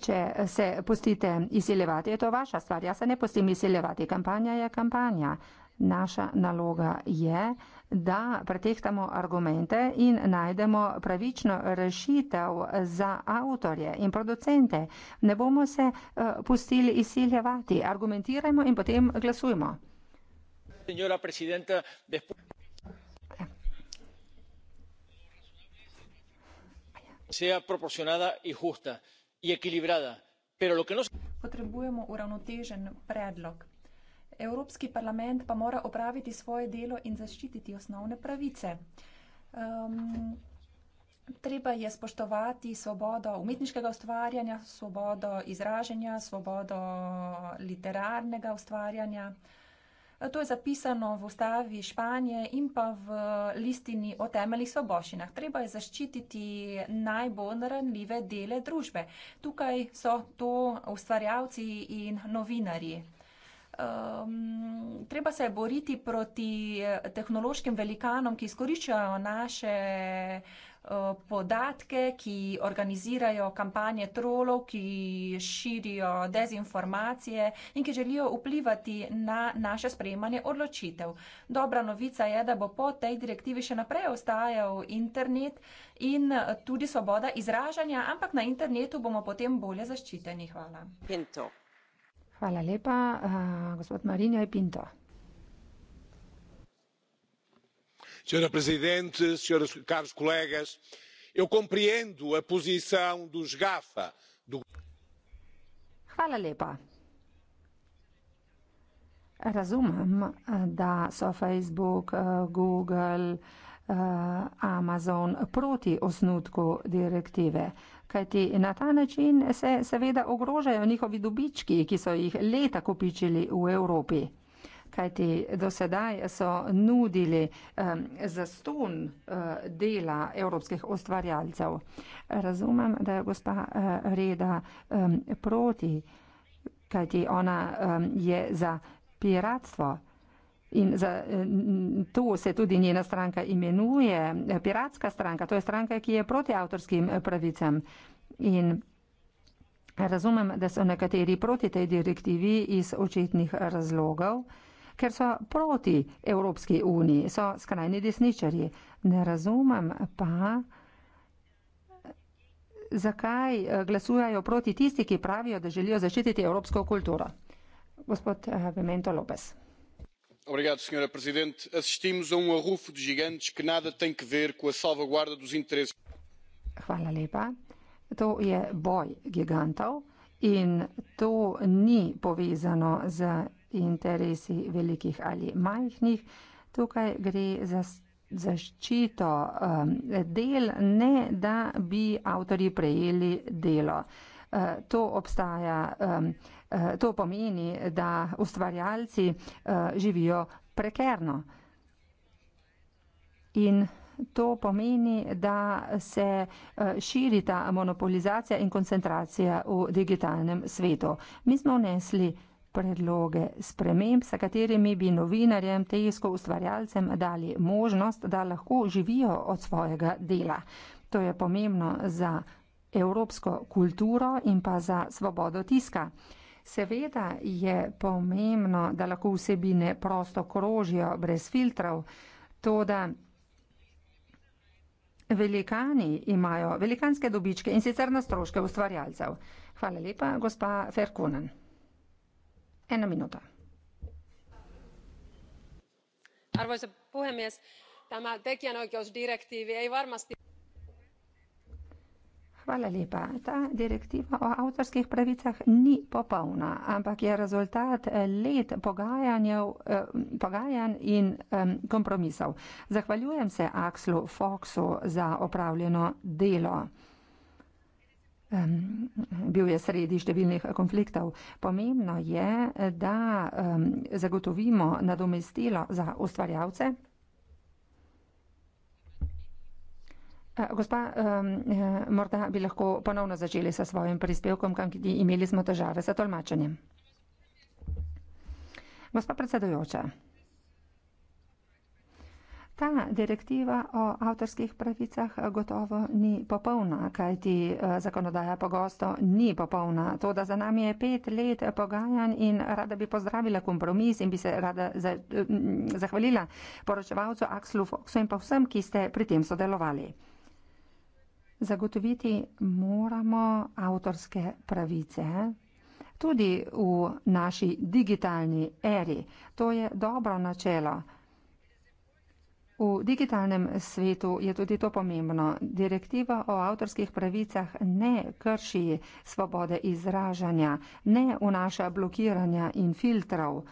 Če se pustite izsiljevati, je to vaša stvar. Jaz se ne pustim izsiljevati. Kampanja je kampanja. Naša naloga je, da pretehtamo argumente in najdemo pravično rešitev za avtorje in producente. Ne bomo se eh, pustili izsiljevati. Argumentirajmo in potem glasujmo. Sea proporcionada y justa. No potrebujemo uravnotežen predlog evropski parlament pa mora opraviti svoje delo in zaščititi osnovne pravice um, treba je spoštovati svobodo umetniškega ustvarjanja svobodo izražanja svobodo literarnega ustvarjanja uh, To je zapisano v ustavi Španije in pa v listini o temeljih svoboščinah. Treba je zaščititi najbolj ranljive dele družbe. Tukaj so to ustvarjavci in novinarji. Um, treba se boriti proti tehnološkim velikanom, ki izkoriščajo naše uh, Eh, podatke, ki organizirajo kampanje trolov, ki širijo dezinformacije in ki želijo vplivati na naše sprejemanje odločitev. Dobra novica je, da bo po tej direktivi še naprej ostajal internet in tudi svoboda izražanja, ampak na internetu bomo potem bolje zaščiteni. Hvala. Pinto. Hvala lepa, uh, gospod Marinjo je Pinto. senhora presidente caros colegas eu compreendo a posição dos gafa do. hvala lepa razumem da so facebook google eh, amazon proti osnutku direktive kajti na ta način se seveda ogrožajo njihovi dobički ki so jih leta kopičili v evropi kajti do sedaj so nudili um, zaston uh, eh, dela evropskih ustvarjalcev. Razumem, da je gospa uh, Reda um, proti, kajti ona um, je za piratstvo. In za, to se tudi njena stranka imenuje, piratska stranka, to je stranka, ki je proti avtorskim pravicam. In razumem, da so nekateri proti tej direktivi iz očitnih razlogov ker so proti Evropski uniji, so skrajni desničarji. Ne razumem pa, zakaj eh, glasujajo proti tisti, ki pravijo, da želijo zaščititi evropsko kulturo. Gospod Pimento eh, Lopes. Obrigado, senhora presidente. Assistimos a um arrufo de gigantes que nada tem que ver com a salvaguarda dos interesses. Hvala lepa. To je boj gigantov in to ni povezano z interesi velikih ali majhnih. Tukaj gre za zaščito um, del, ne da bi avtori prejeli delo. Uh, to, obstaja, um, uh, to pomeni, da ustvarjalci uh, živijo prekerno. In to pomeni, da se uh, širi ta monopolizacija in koncentracija v digitalnem svetu. Mi smo vnesli predloge sprememb, sa katerimi bi novinarjem, tesko ustvarjalcem dali možnost, da lahko živijo od svojega dela. To je pomembno za evropsko kulturo in pa za svobodo tiska. Seveda je pomembno, da lahko vsebine prosto krožijo brez filtrov, to da velikani imajo velikanske dobičke in sicer na stroške ustvarjalcev. Hvala lepa, gospa Ferkunen arvoisa puhemies tämä tekijänoikeusdirektiivi ei varmasti. Hvala lepa. Ta direktiva o avtorskih pravicah ni popolna, ampak je rezultat eh, let eh, pogajanj in kompromisov. Zahvaljujem se Akslu Foxu za opravljeno delo um, bil je sredi številnih konfliktov. Pomembno je, da um, zagotovimo nadomestilo za ustvarjavce. Eh, gospa, um, morda bi lahko ponovno začeli sa svojim prispevkom, kajti imeli smo težave sa tolmačenjem. Gospa predsedujoča ta direktiva o avtorskih pravicah gotovo ni popolna, kajti eh, zakonodaja pogosto ni popolna. To, da za nami je pet let pogajanj in rada bi pozdravila kompromis in bi se rada za, mm, zahvalila poročevalcu Akslu Foxu in pa vsem, ki ste pri tem sodelovali. Zagotoviti moramo avtorske pravice. Tudi v naši digitalni eri. To je dobro načelo. V digitalnem svetu je tudi to pomembno. Direktiva o avtorskih pravicah ne krši svobode izražanja, ne vnaša blokiranja in filtrov.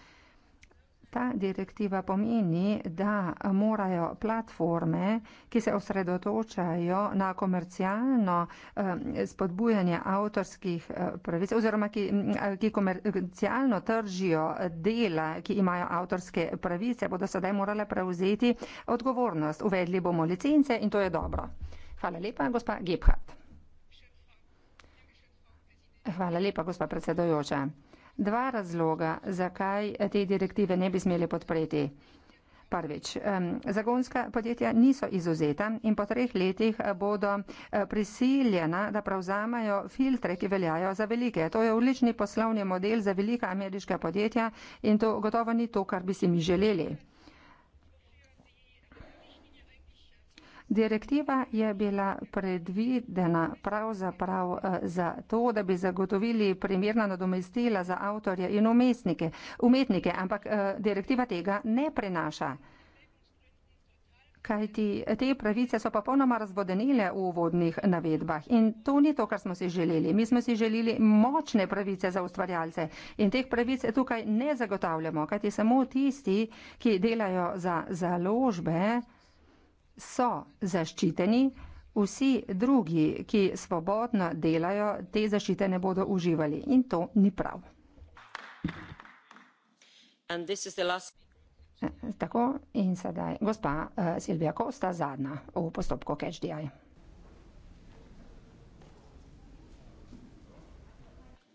Ta direktiva pomeni, da morajo platforme, ki se osredotočajo na komercialno eh, spodbujanje avtorskih eh, pravic oziroma ki, eh, ki komercialno tržijo dela, ki imajo avtorske pravice, bodo sedaj morale prevzeti odgovornost. Uvedli bomo licence in to je dobro. Hvala lepa, gospa Gebhardt. Hvala lepa, gospa predsedojoča dva razloga, zakaj te direktive ne bi smeli podpreti. Prvič, zagonska podjetja niso izuzeta in po treh letih bodo eh, prisiljena, da pravzamajo filtre, ki veljajo za velike. To je odlični poslovni model za velika ameriška podjetja in to gotovo ni to, kar bi si mi želeli. Direktiva je bila predvidena pravzaprav eh, za to, da bi zagotovili primerna nadomestila za avtorje in umestnike, umetnike, ampak eh, direktiva tega ne prenaša. Kajti te pravice so popolnoma razvodenile v uvodnih navedbah in to ni to, kar smo si želeli. Mi smo si želeli močne pravice za ustvarjalce in teh pravic tukaj ne zagotavljamo, kajti samo tisti, ki delajo za založbe, so zaščiteni, vsi drugi, ki svobodno delajo, te zaščite ne bodo uživali in to ni prav. Eh, tako in sedaj gospa uh, Silvija Kosta, zadnja v postopku KHDI.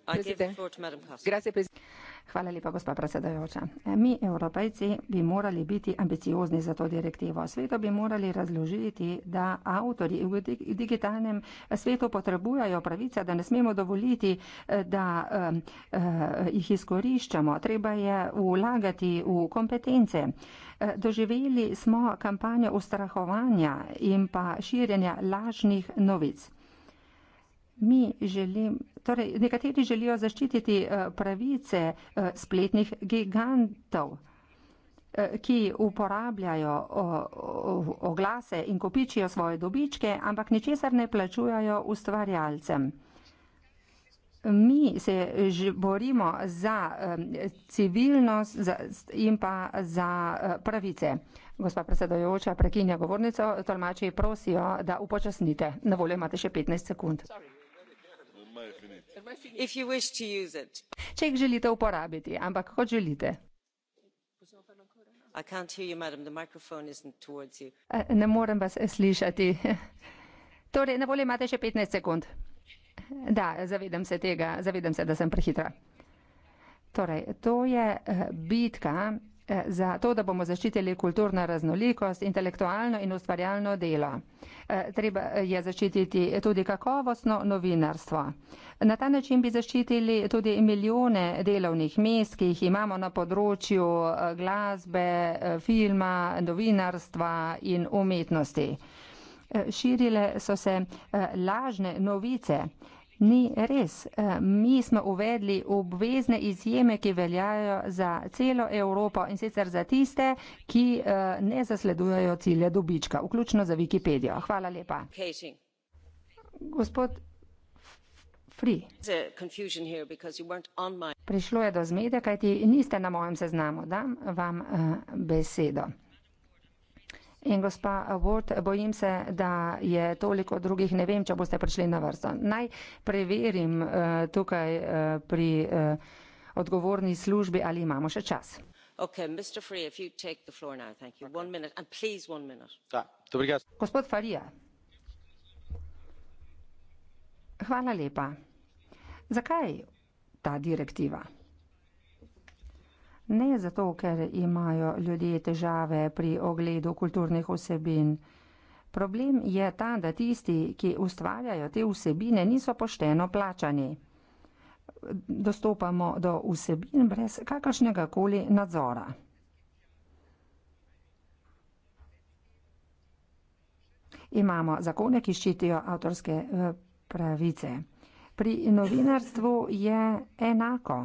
Grazie, presidente. Hvala lepa, gospa predsedajoča. E, mi, evropejci, bi morali biti ambiciozni za to direktivo. Sveto bi morali razložiti, da avtori v digitalnem e, svetu potrebujajo pravice, da ne smemo dovoliti, e, da jih izkoriščamo. Treba je vlagati v kompetence. Doživeli smo kampanjo ustrahovanja in pa širjenja lažnih novic mi želim, torej nekateri želijo zaščititi eh, pravice eh, spletnih gigantov, eh, ki uporabljajo oglase in kopičijo svoje dobičke, ampak ničesar ne plačujajo ustvarjalcem. Mi se borimo za civilnost in pa za pravice. Gospa predsedojoča prekinja govornico, tolmači prosijo, da upočasnite. Na voljo imate še 15 sekund. Sorry če jih želite uporabiti ampak kot želite. Eh, ne morem vas eh, slišati. torej na voljo imate še petnajst sekund. da zavedam se tega zavedam se da sem prehitra. torej to je eh, bitka Eh, za to, da bomo zaščitili kulturno raznolikost, intelektualno in ustvarjalno delo. Eh, treba je zaščititi tudi kakovostno novinarstvo. Na ta način bi zaščitili tudi milijone delovnih mest, ki jih imamo na področju eh, glasbe, filma, novinarstva in umetnosti. Širile so se lažne novice Ni res. Eh, mi smo uvedli obvezne izjeme, ki veljajo za celo Evropo in sicer za tiste, ki eh, ne zasledujejo cilje dobička, vključno za Wikipedijo. Hvala lepa. Gospod Free. Prišlo je do zmede, kajti niste na mojem seznamu. Dam vam eh, besedo. In gospa Ward, bojim se, da je toliko drugih, ne vem, če boste prišli na vrsto. Naj preverim uh, tukaj uh, pri uh, odgovorni službi, ali imamo še čas. Gospod Farija. Hvala lepa. Zakaj ta direktiva? ne zato, ker imajo ljudje težave pri ogledu kulturnih vsebin. Problem je ta, da tisti, ki ustvarjajo te vsebine, niso pošteno plačani. Dostopamo do vsebin brez kakršnega koli nadzora. Imamo zakone, ki ščitijo avtorske eh, pravice. Pri novinarstvu je enako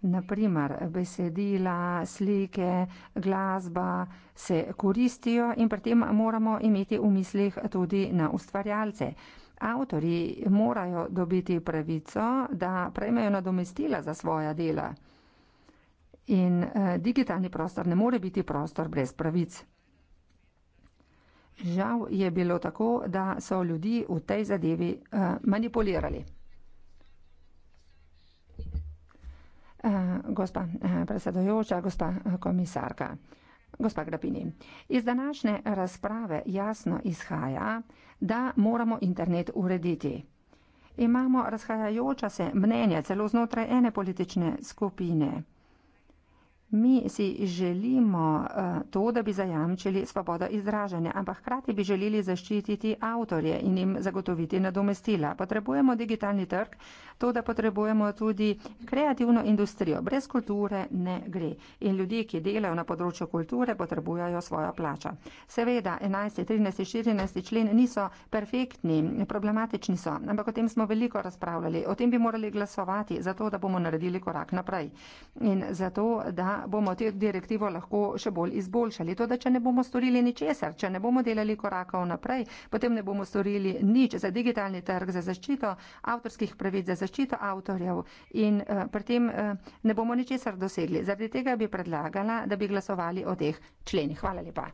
naprimer besedila, slike, glasba se koristijo in pri tem moramo imeti v mislih tudi na ustvarjalce. Avtori morajo dobiti pravico, da prejmejo nadomestila za svoja dela. In eh, digitalni prostor ne more biti prostor brez pravic. Žal je bilo tako, da so ljudi v tej zadevi eh, manipulirali. Eh, gospa eh, predsedojoča, gospa eh, komisarka. Gospa Grapini, iz današnje razprave jasno izhaja, da moramo internet urediti. Imamo razhajajoča se mnenja celo znotraj ene politične skupine. Mi si želimo eh, to, da bi zajamčili svobodo izražanja, ampak hkrati bi želeli zaščititi avtorje in jim zagotoviti nadomestila. Potrebujemo digitalni trg, to, da potrebujemo tudi kreativno industrijo. Brez kulture ne gre. In ljudje, ki delajo na področju kulture, potrebujajo svojo plačo. Seveda, 11, 13, 14 člen niso perfektni, problematični so, ampak o tem smo veliko razpravljali. O tem bi morali glasovati, zato da bomo naredili korak naprej. In zato, da bomo te direktivo lahko še bolj izboljšali. To, da če ne bomo storili ničesar, če ne bomo delali korakov naprej, potem ne bomo storili nič za digitalni trg, za zaščito avtorskih pravic, za zaščito avtorjev in uh, pri tem uh, ne bomo ničesar dosegli. Zaradi tega bi predlagala, da bi glasovali o teh členih. Hvala lepa.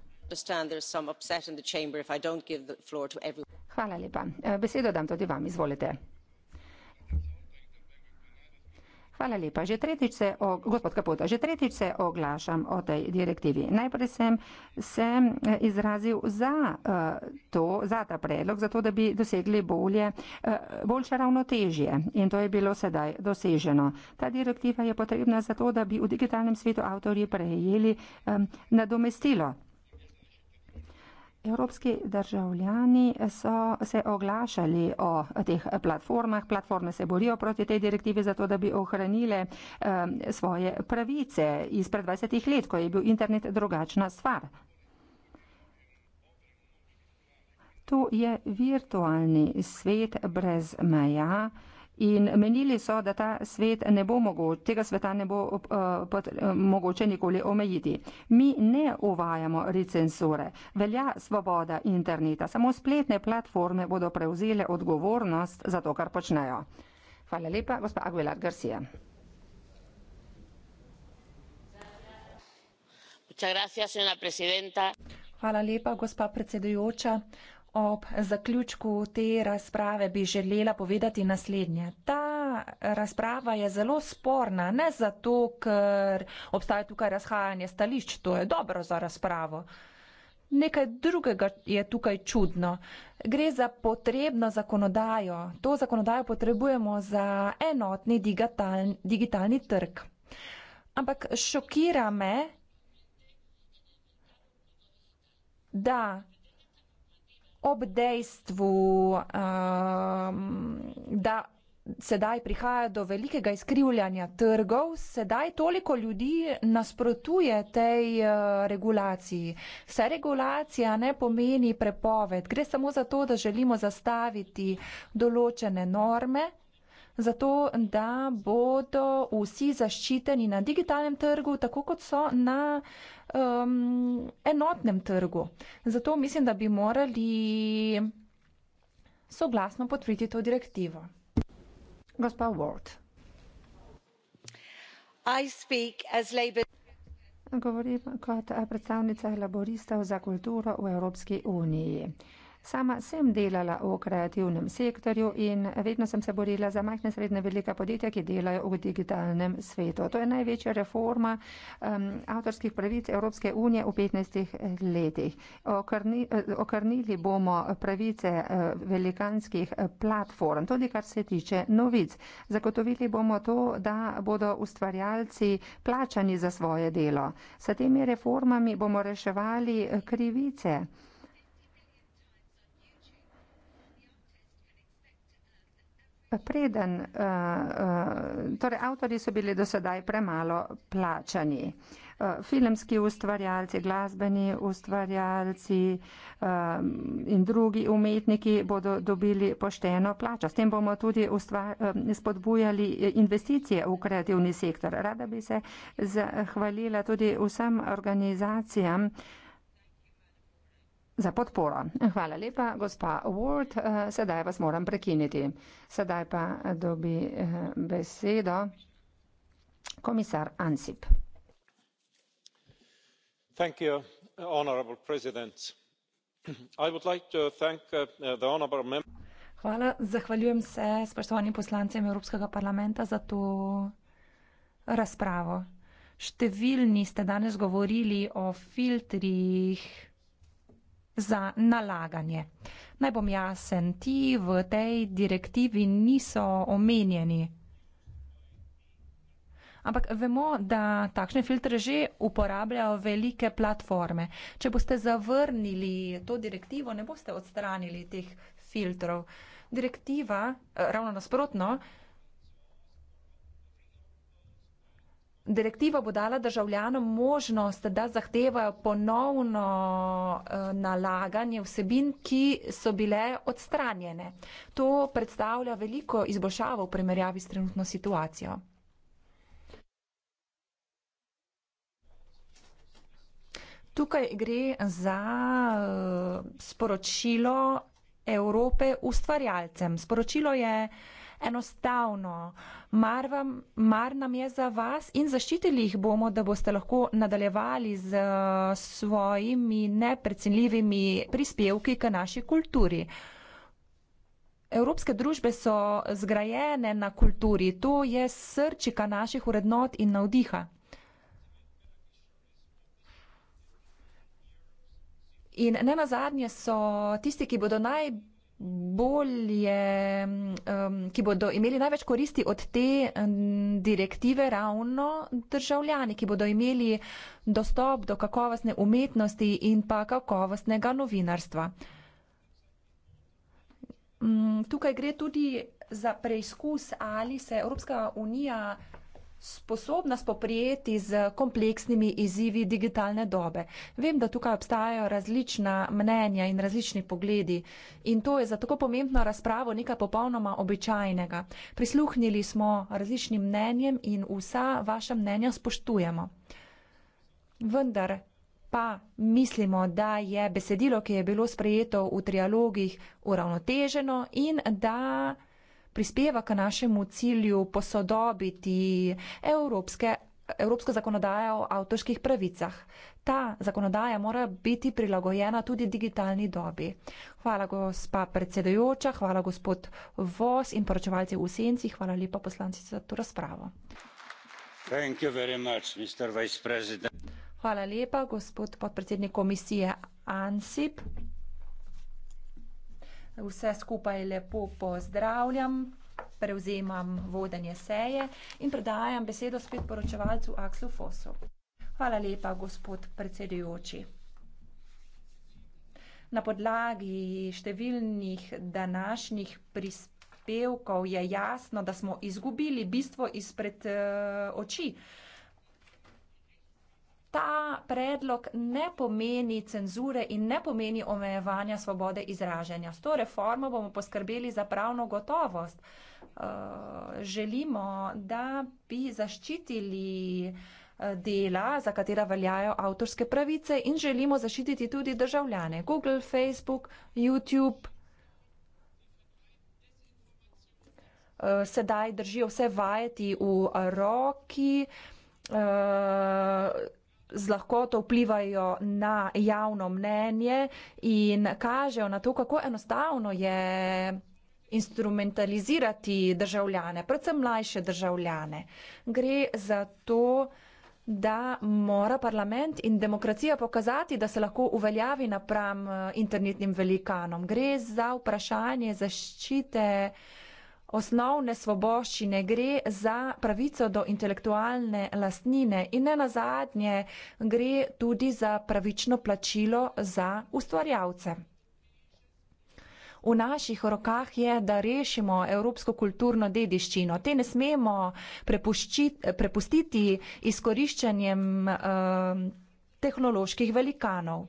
Hvala lepa. Eh, besedo dam tudi vam. Izvolite. Hvala lepa. Že tretjič se, o, gospod Kaputa, že tretjič se oglašam o tej direktivi. Najprej sem se eh, izrazil za, uh, to, za ta predlog, zato da bi dosegli bolje, uh, boljše ravnotežje in to je bilo sedaj doseženo. Ta direktiva je potrebna zato, da bi v digitalnem svetu avtorji prejeli um, nadomestilo Evropski državljani so se oglašali o teh platformah. Platforme se borijo proti tej direktivi, zato da bi ohranile um, svoje pravice iz pred 20 let, ko je bil internet drugačna stvar. To je virtualni svet brez meja. In menili so, da ta svet ne bo mogoč, tega sveta ne bo uh, pot, uh, mogoče nikoli omejiti. Mi ne uvajamo recenzure. Velja svoboda interneta. Samo spletne platforme bodo prevzele odgovornost za to, kar počnejo. Hvala lepa, gospa Aguilar Garcia. Hvala lepa, gospa predsedujoča ob zaključku te razprave bi želela povedati naslednje. Ta razprava je zelo sporna, ne zato, ker obstaja tukaj razhajanje stališč, to je dobro za razpravo. Nekaj drugega je tukaj čudno. Gre za potrebno zakonodajo. To zakonodajo potrebujemo za enotni digitaln, digitalni trg. Ampak šokira me, da ob dejstvu, um, da sedaj prihaja do velikega izkrivljanja trgov, sedaj toliko ljudi nasprotuje tej uh, regulaciji. Vse regulacija ne pomeni prepoved. Gre samo za to, da želimo zastaviti določene norme. Zato, da bodo vsi zaščiteni na digitalnem trgu, tako kot so na uh, um, enotnem trgu. Zato mislim, da bi morali soglasno potvrditi to direktivo. Gospa Ward. Govorim kot eh, predstavnica laboristov za kulturo v Evropski uniji. Sama sem delala v kreativnem sektorju in vedno sem se borila za majhne, srednje, velika podjetja, ki delajo v digitalnem svetu. To je največja reforma um, avtorskih pravic Evropske unije v 15 eh, letih. Okrni, eh, okrnili bomo pravice eh, velikanskih platform, tudi kar se tiče novic. Zagotovili bomo to, da bodo ustvarjalci plačani za svoje delo. S temi reformami bomo reševali krivice. preden, eh, eh, torej avtori so bili do sedaj premalo plačani. Eh, filmski ustvarjalci, glasbeni ustvarjalci in drugi umetniki bodo dobili pošteno plačo. S tem bomo tudi spodbujali investicije v kreativni sektor. Rada bi se zahvalila tudi vsem organizacijam, za podporo. Hvala lepa, gospa Ward. Eh, sedaj vas moram prekiniti. Sedaj pa dobi eh, besedo komisar Ansip. Thank you, honorable president. I would like to thank eh, the honorable member. Hvala, zahvaljujem se spoštovanim poslancem Evropskega parlamenta za to razpravo. Številni ste danes govorili o filtrih za nalaganje. Naj bom jasen, ti v tej direktivi niso omenjeni. Ampak vemo, da takšne filtre že uporabljajo velike platforme. Če boste zavrnili to direktivo, ne boste odstranili teh filtrov. Direktiva, eh, ravno nasprotno, Direktiva bo dala državljanom možnost, da zahtevajo ponovno eh, nalaganje vsebin, ki so bile odstranjene. To predstavlja veliko izboljšavo v primerjavi s trenutno situacijo. Tukaj gre za eh, sporočilo Evrope ustvarjalcem. Sporočilo je, enostavno. Mar, vam, mar nam je za vas in zaščitili jih bomo, da boste lahko nadaljevali z eh, svojimi neprecenljivimi prispevki k naši kulturi. Evropske družbe so zgrajene na kulturi, to je srčika naših urednot in navdiha. In ne na zadnje so tisti, ki bodo najbolj bolje, ki bodo imeli največ koristi od te direktive ravno državljani, ki bodo imeli dostop do kakovostne umetnosti in pa kakovostnega novinarstva. Mm, tukaj gre tudi za preizkus, ali se Evropska unija sposobna spoprijeti z kompleksnimi izzivi digitalne dobe. Vem, da tukaj obstajajo različna mnenja in različni pogledi in to je za tako pomembno razpravo nekaj popolnoma običajnega. Prisluhnili smo različnim mnenjem in vsa vaša mnenja spoštujemo. Vendar pa mislimo, da je besedilo, ki je bilo sprejeto v trialogih, uravnoteženo in da prispeva k našemu cilju posodobiti evropske, evropsko zakonodajo o avtorskih pravicah. Ta zakonodaja mora biti prilagojena tudi digitalni dobi. Hvala, gospa predsedajoča, hvala, gospod Vos in poročevalci v senci, hvala lepa poslanci za to razpravo. Much, hvala lepa, gospod podpredsednik komisije Ansip vse skupaj lepo pozdravljam, prevzemam vodenje seje in predajam besedo spet poročevalcu Akslu Fosu. Hvala lepa, gospod predsedujoči. Na podlagi številnih današnjih prispevkov Pevkov je jasno, da smo izgubili bistvo izpred uh, oči. Uh, ta predlog ne pomeni cenzure in ne pomeni omejevanja svobode izražanja. S to reformo bomo poskrbeli za pravno gotovost. Uh, želimo, da bi zaščitili uh, dela, za katera veljajo avtorske pravice in želimo zaščititi tudi državljane. Google, Facebook, YouTube. Uh, sedaj držijo vse vajeti v roki z lahkoto vplivajo na javno mnenje in kažejo na to, kako enostavno je instrumentalizirati državljane, predvsem mlajše državljane. Gre za to, da mora parlament in demokracija pokazati, da se lahko uveljavi napram eh, internetnim velikanom. Gre za vprašanje zaščite osnovne svoboščine, gre za pravico do intelektualne lastnine in ne nazadnje gre tudi za pravično plačilo za ustvarjavce. V naših rokah je, da rešimo evropsko kulturno dediščino. Te ne smemo prepustiti izkoriščanjem eh, tehnoloških velikanov.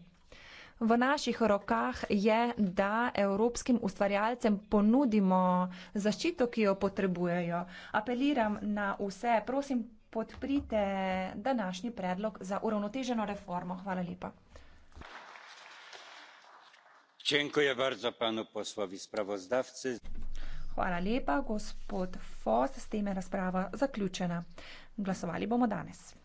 V naših rokah je, da evropskim ustvarjalcem ponudimo zaščito, ki jo potrebujejo. Apeliram na vse, prosim, podprite današnji predlog za uravnoteženo reformo. Hvala lepa. Hvala lepa, gospod Fos, s tem je razprava zaključena. Glasovali bomo danes.